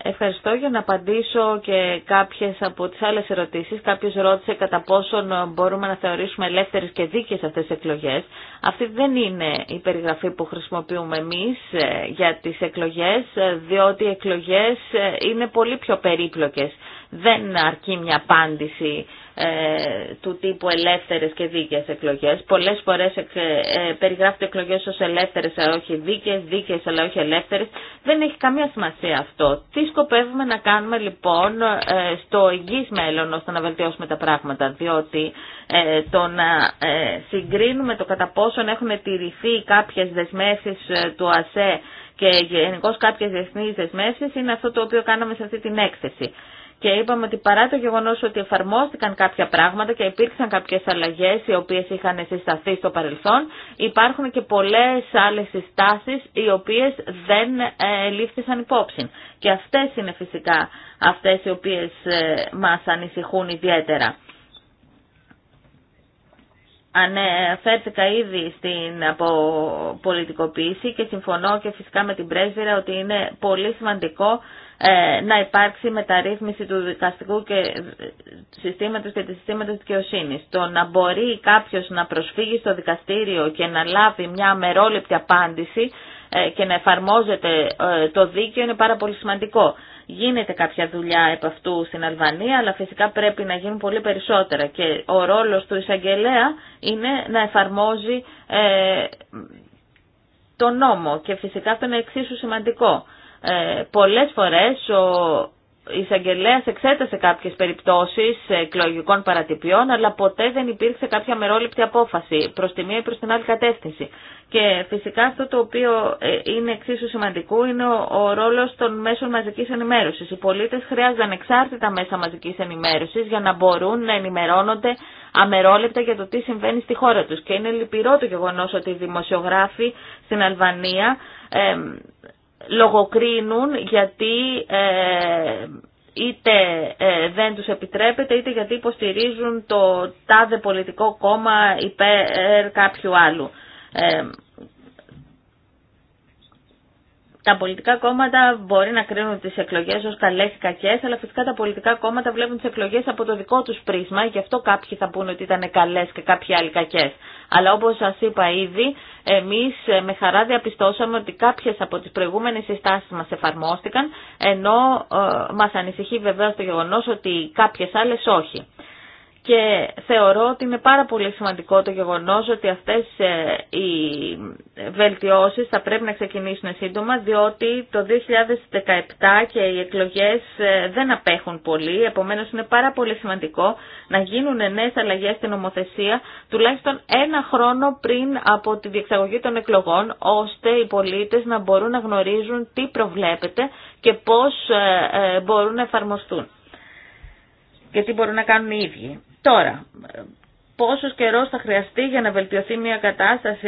Ευχαριστώ για να απαντήσω και κάποιες από τις άλλες ερωτήσεις. Κάποιος ρώτησε κατά πόσον μπορούμε να θεωρήσουμε ελεύθερες και δίκαιες αυτές τις εκλογές. Αυτή δεν είναι η περιγραφή που χρησιμοποιούμε εμείς ε, για τις εκλογές, ε, διότι οι εκλογές ε, είναι πολύ πιο περίπλοκες. Δεν αρκεί μια απάντηση ε, του τύπου ελεύθερες και δίκαιες εκλογές. Πολλές φορές ε, περιγράφεται εκλογές ως ελεύθερες αλλά όχι δίκαιες, δίκαιες αλλά όχι ελεύθερες. Δεν έχει καμία σημασία αυτό. Τι σκοπεύουμε να κάνουμε λοιπόν ε, στο εγγύς μέλλον ώστε να βελτιώσουμε τα πράγματα διότι το να συγκρίνουμε το κατά πόσον έχουν τηρηθεί κάποιες δεσμεύσεις του ΑΣΕ και γενικώ κάποιες διεθνείς δεσμεύσεις είναι αυτό το οποίο κάναμε σε αυτή την έκθεση και είπαμε ότι παρά το γεγονός ότι εφαρμόστηκαν κάποια πράγματα και υπήρξαν κάποιες αλλαγές οι οποίες είχαν συσταθεί στο παρελθόν, υπάρχουν και πολλές άλλες συστάσεις οι οποίες δεν ε, λήφθησαν υπόψη. Και αυτές είναι φυσικά αυτές οι οποίες ε, μας ανησυχούν ιδιαίτερα. Ανέφερθηκα ήδη στην αποπολιτικοποίηση και συμφωνώ και φυσικά με την πρέσβυρα ότι είναι πολύ σημαντικό ε, να υπάρξει μεταρρύθμιση του δικαστικού και συστήματος και της συστήματος δικαιοσύνη. Το να μπορεί κάποιος να προσφύγει στο δικαστήριο και να λάβει μια αμερόληπτη απάντηση ε, και να εφαρμόζεται ε, το δίκαιο είναι πάρα πολύ σημαντικό. Γίνεται κάποια δουλειά επ' αυτού στην Αλβανία, αλλά φυσικά πρέπει να γίνουν πολύ περισσότερα και ο ρόλος του εισαγγελέα είναι να εφαρμόζει το νόμο και φυσικά αυτό είναι εξίσου σημαντικό. Ε, πολλές φορές ο εισαγγελέα εξέτασε κάποιες περιπτώσεις εκλογικών παρατυπιών, αλλά ποτέ δεν υπήρξε κάποια μερόληπτη απόφαση προς τη μία ή προ την άλλη κατεύθυνση. Και φυσικά αυτό το οποίο ε, είναι εξίσου σημαντικό είναι ο ρόλο των μέσων μαζική ενημέρωση. Οι πολίτε χρειάζονται ανεξάρτητα μέσα μαζική ενημέρωση για να μπορούν να ενημερώνονται αμερόληπτα για το τι συμβαίνει στη χώρα του. Και είναι λυπηρό το γεγονό ότι οι δημοσιογράφοι στην Αλβανία ε, λογοκρίνουν γιατί ε, είτε ε, δεν τους επιτρέπεται είτε γιατί υποστηρίζουν το τάδε πολιτικό κόμμα υπέρ κάποιου άλλου. Ε, τα πολιτικά κόμματα μπορεί να κρίνουν τις εκλογές ως καλές ή κακές, αλλά φυσικά τα πολιτικά κόμματα βλέπουν τις εκλογές από το δικό τους πρίσμα, γι' αυτό κάποιοι θα πούνε ότι ήταν καλές και κάποιοι άλλοι κακές. Αλλά όπως σας είπα ήδη, εμείς ε, με χαρά διαπιστώσαμε ότι κάποιες από τις προηγούμενες συστάσεις μας εφαρμόστηκαν, ενώ ε, μας ανησυχεί βεβαίως το γεγονός ότι κάποιες άλλες όχι και θεωρώ ότι είναι πάρα πολύ σημαντικό το γεγονός ότι αυτές ε, οι βελτιώσεις θα πρέπει να ξεκινήσουν σύντομα διότι το 2017 και οι εκλογές ε, δεν απέχουν πολύ επομένως είναι πάρα πολύ σημαντικό να γίνουν νέες αλλαγές στην νομοθεσία τουλάχιστον ένα χρόνο πριν από τη διεξαγωγή των εκλογών ώστε οι πολίτες να μπορούν να γνωρίζουν τι προβλέπεται και πώς ε, μπορούν να εφαρμοστούν και τι μπορούν να κάνουν οι ίδιοι. Τώρα, πόσο καιρό θα χρειαστεί για να βελτιωθεί μια κατάσταση,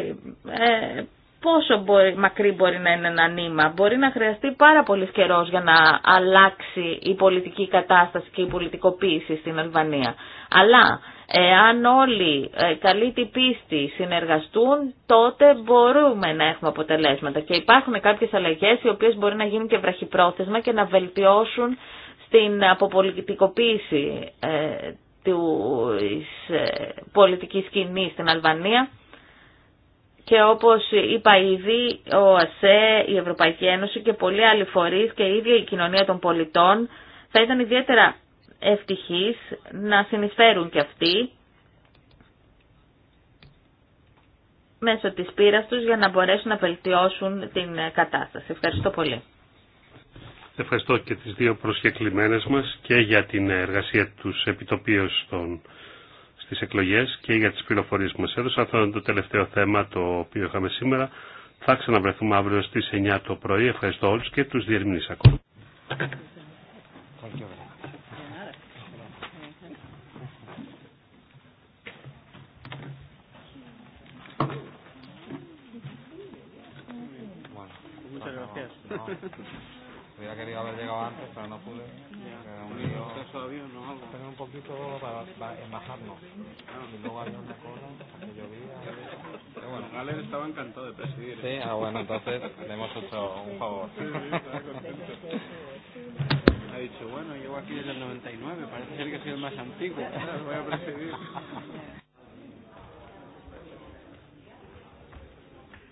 ε, πόσο μακρύ μπορεί να είναι ένα νήμα. Μπορεί να χρειαστεί πάρα πολύ καιρό για να αλλάξει η πολιτική κατάσταση και η πολιτικοποίηση στην Αλβανία. Αλλά εάν όλοι ε, καλή την πίστη συνεργαστούν, τότε μπορούμε να έχουμε αποτελέσματα. Και υπάρχουν κάποιες αλλαγές οι οποίες μπορεί να γίνουν και βραχυπρόθεσμα και να βελτιώσουν στην αποπολιτικοποίηση ε, της ε, πολιτικής σκηνής στην Αλβανία. Και όπως είπα ήδη, ο ΑΣΕ, η Ευρωπαϊκή Ένωση και πολλοί άλλοι φορείς και η ίδια η κοινωνία των πολιτών θα ήταν ιδιαίτερα ευτυχής να συνεισφέρουν και αυτοί μέσω της πείρας τους για να μπορέσουν να βελτιώσουν την κατάσταση. Ευχαριστώ πολύ. Ευχαριστώ και τις δύο προσκεκλημένες μας και για την εργασία τους επιτοπίως στον στις εκλογές και για τις πληροφορίες που μας έδωσαν. Αυτό είναι το τελευταίο θέμα το οποίο είχαμε σήμερα. Θα ξαναβρεθούμε αύριο στις 9 το πρωί. Ευχαριστώ όλους και τους διερμηνείς ακόμα. Hubiera querido haber llegado antes, pero no pude. Tener un poquito para embajarnos. Y luego había una cola, que llovía. Pero bueno, Galen estaba encantado de presidir. Sí, ah, bueno, entonces le hemos hecho un favor. Ha dicho, bueno, llevo aquí desde el 99, parece ser que soy el más antiguo. Voy a presidir.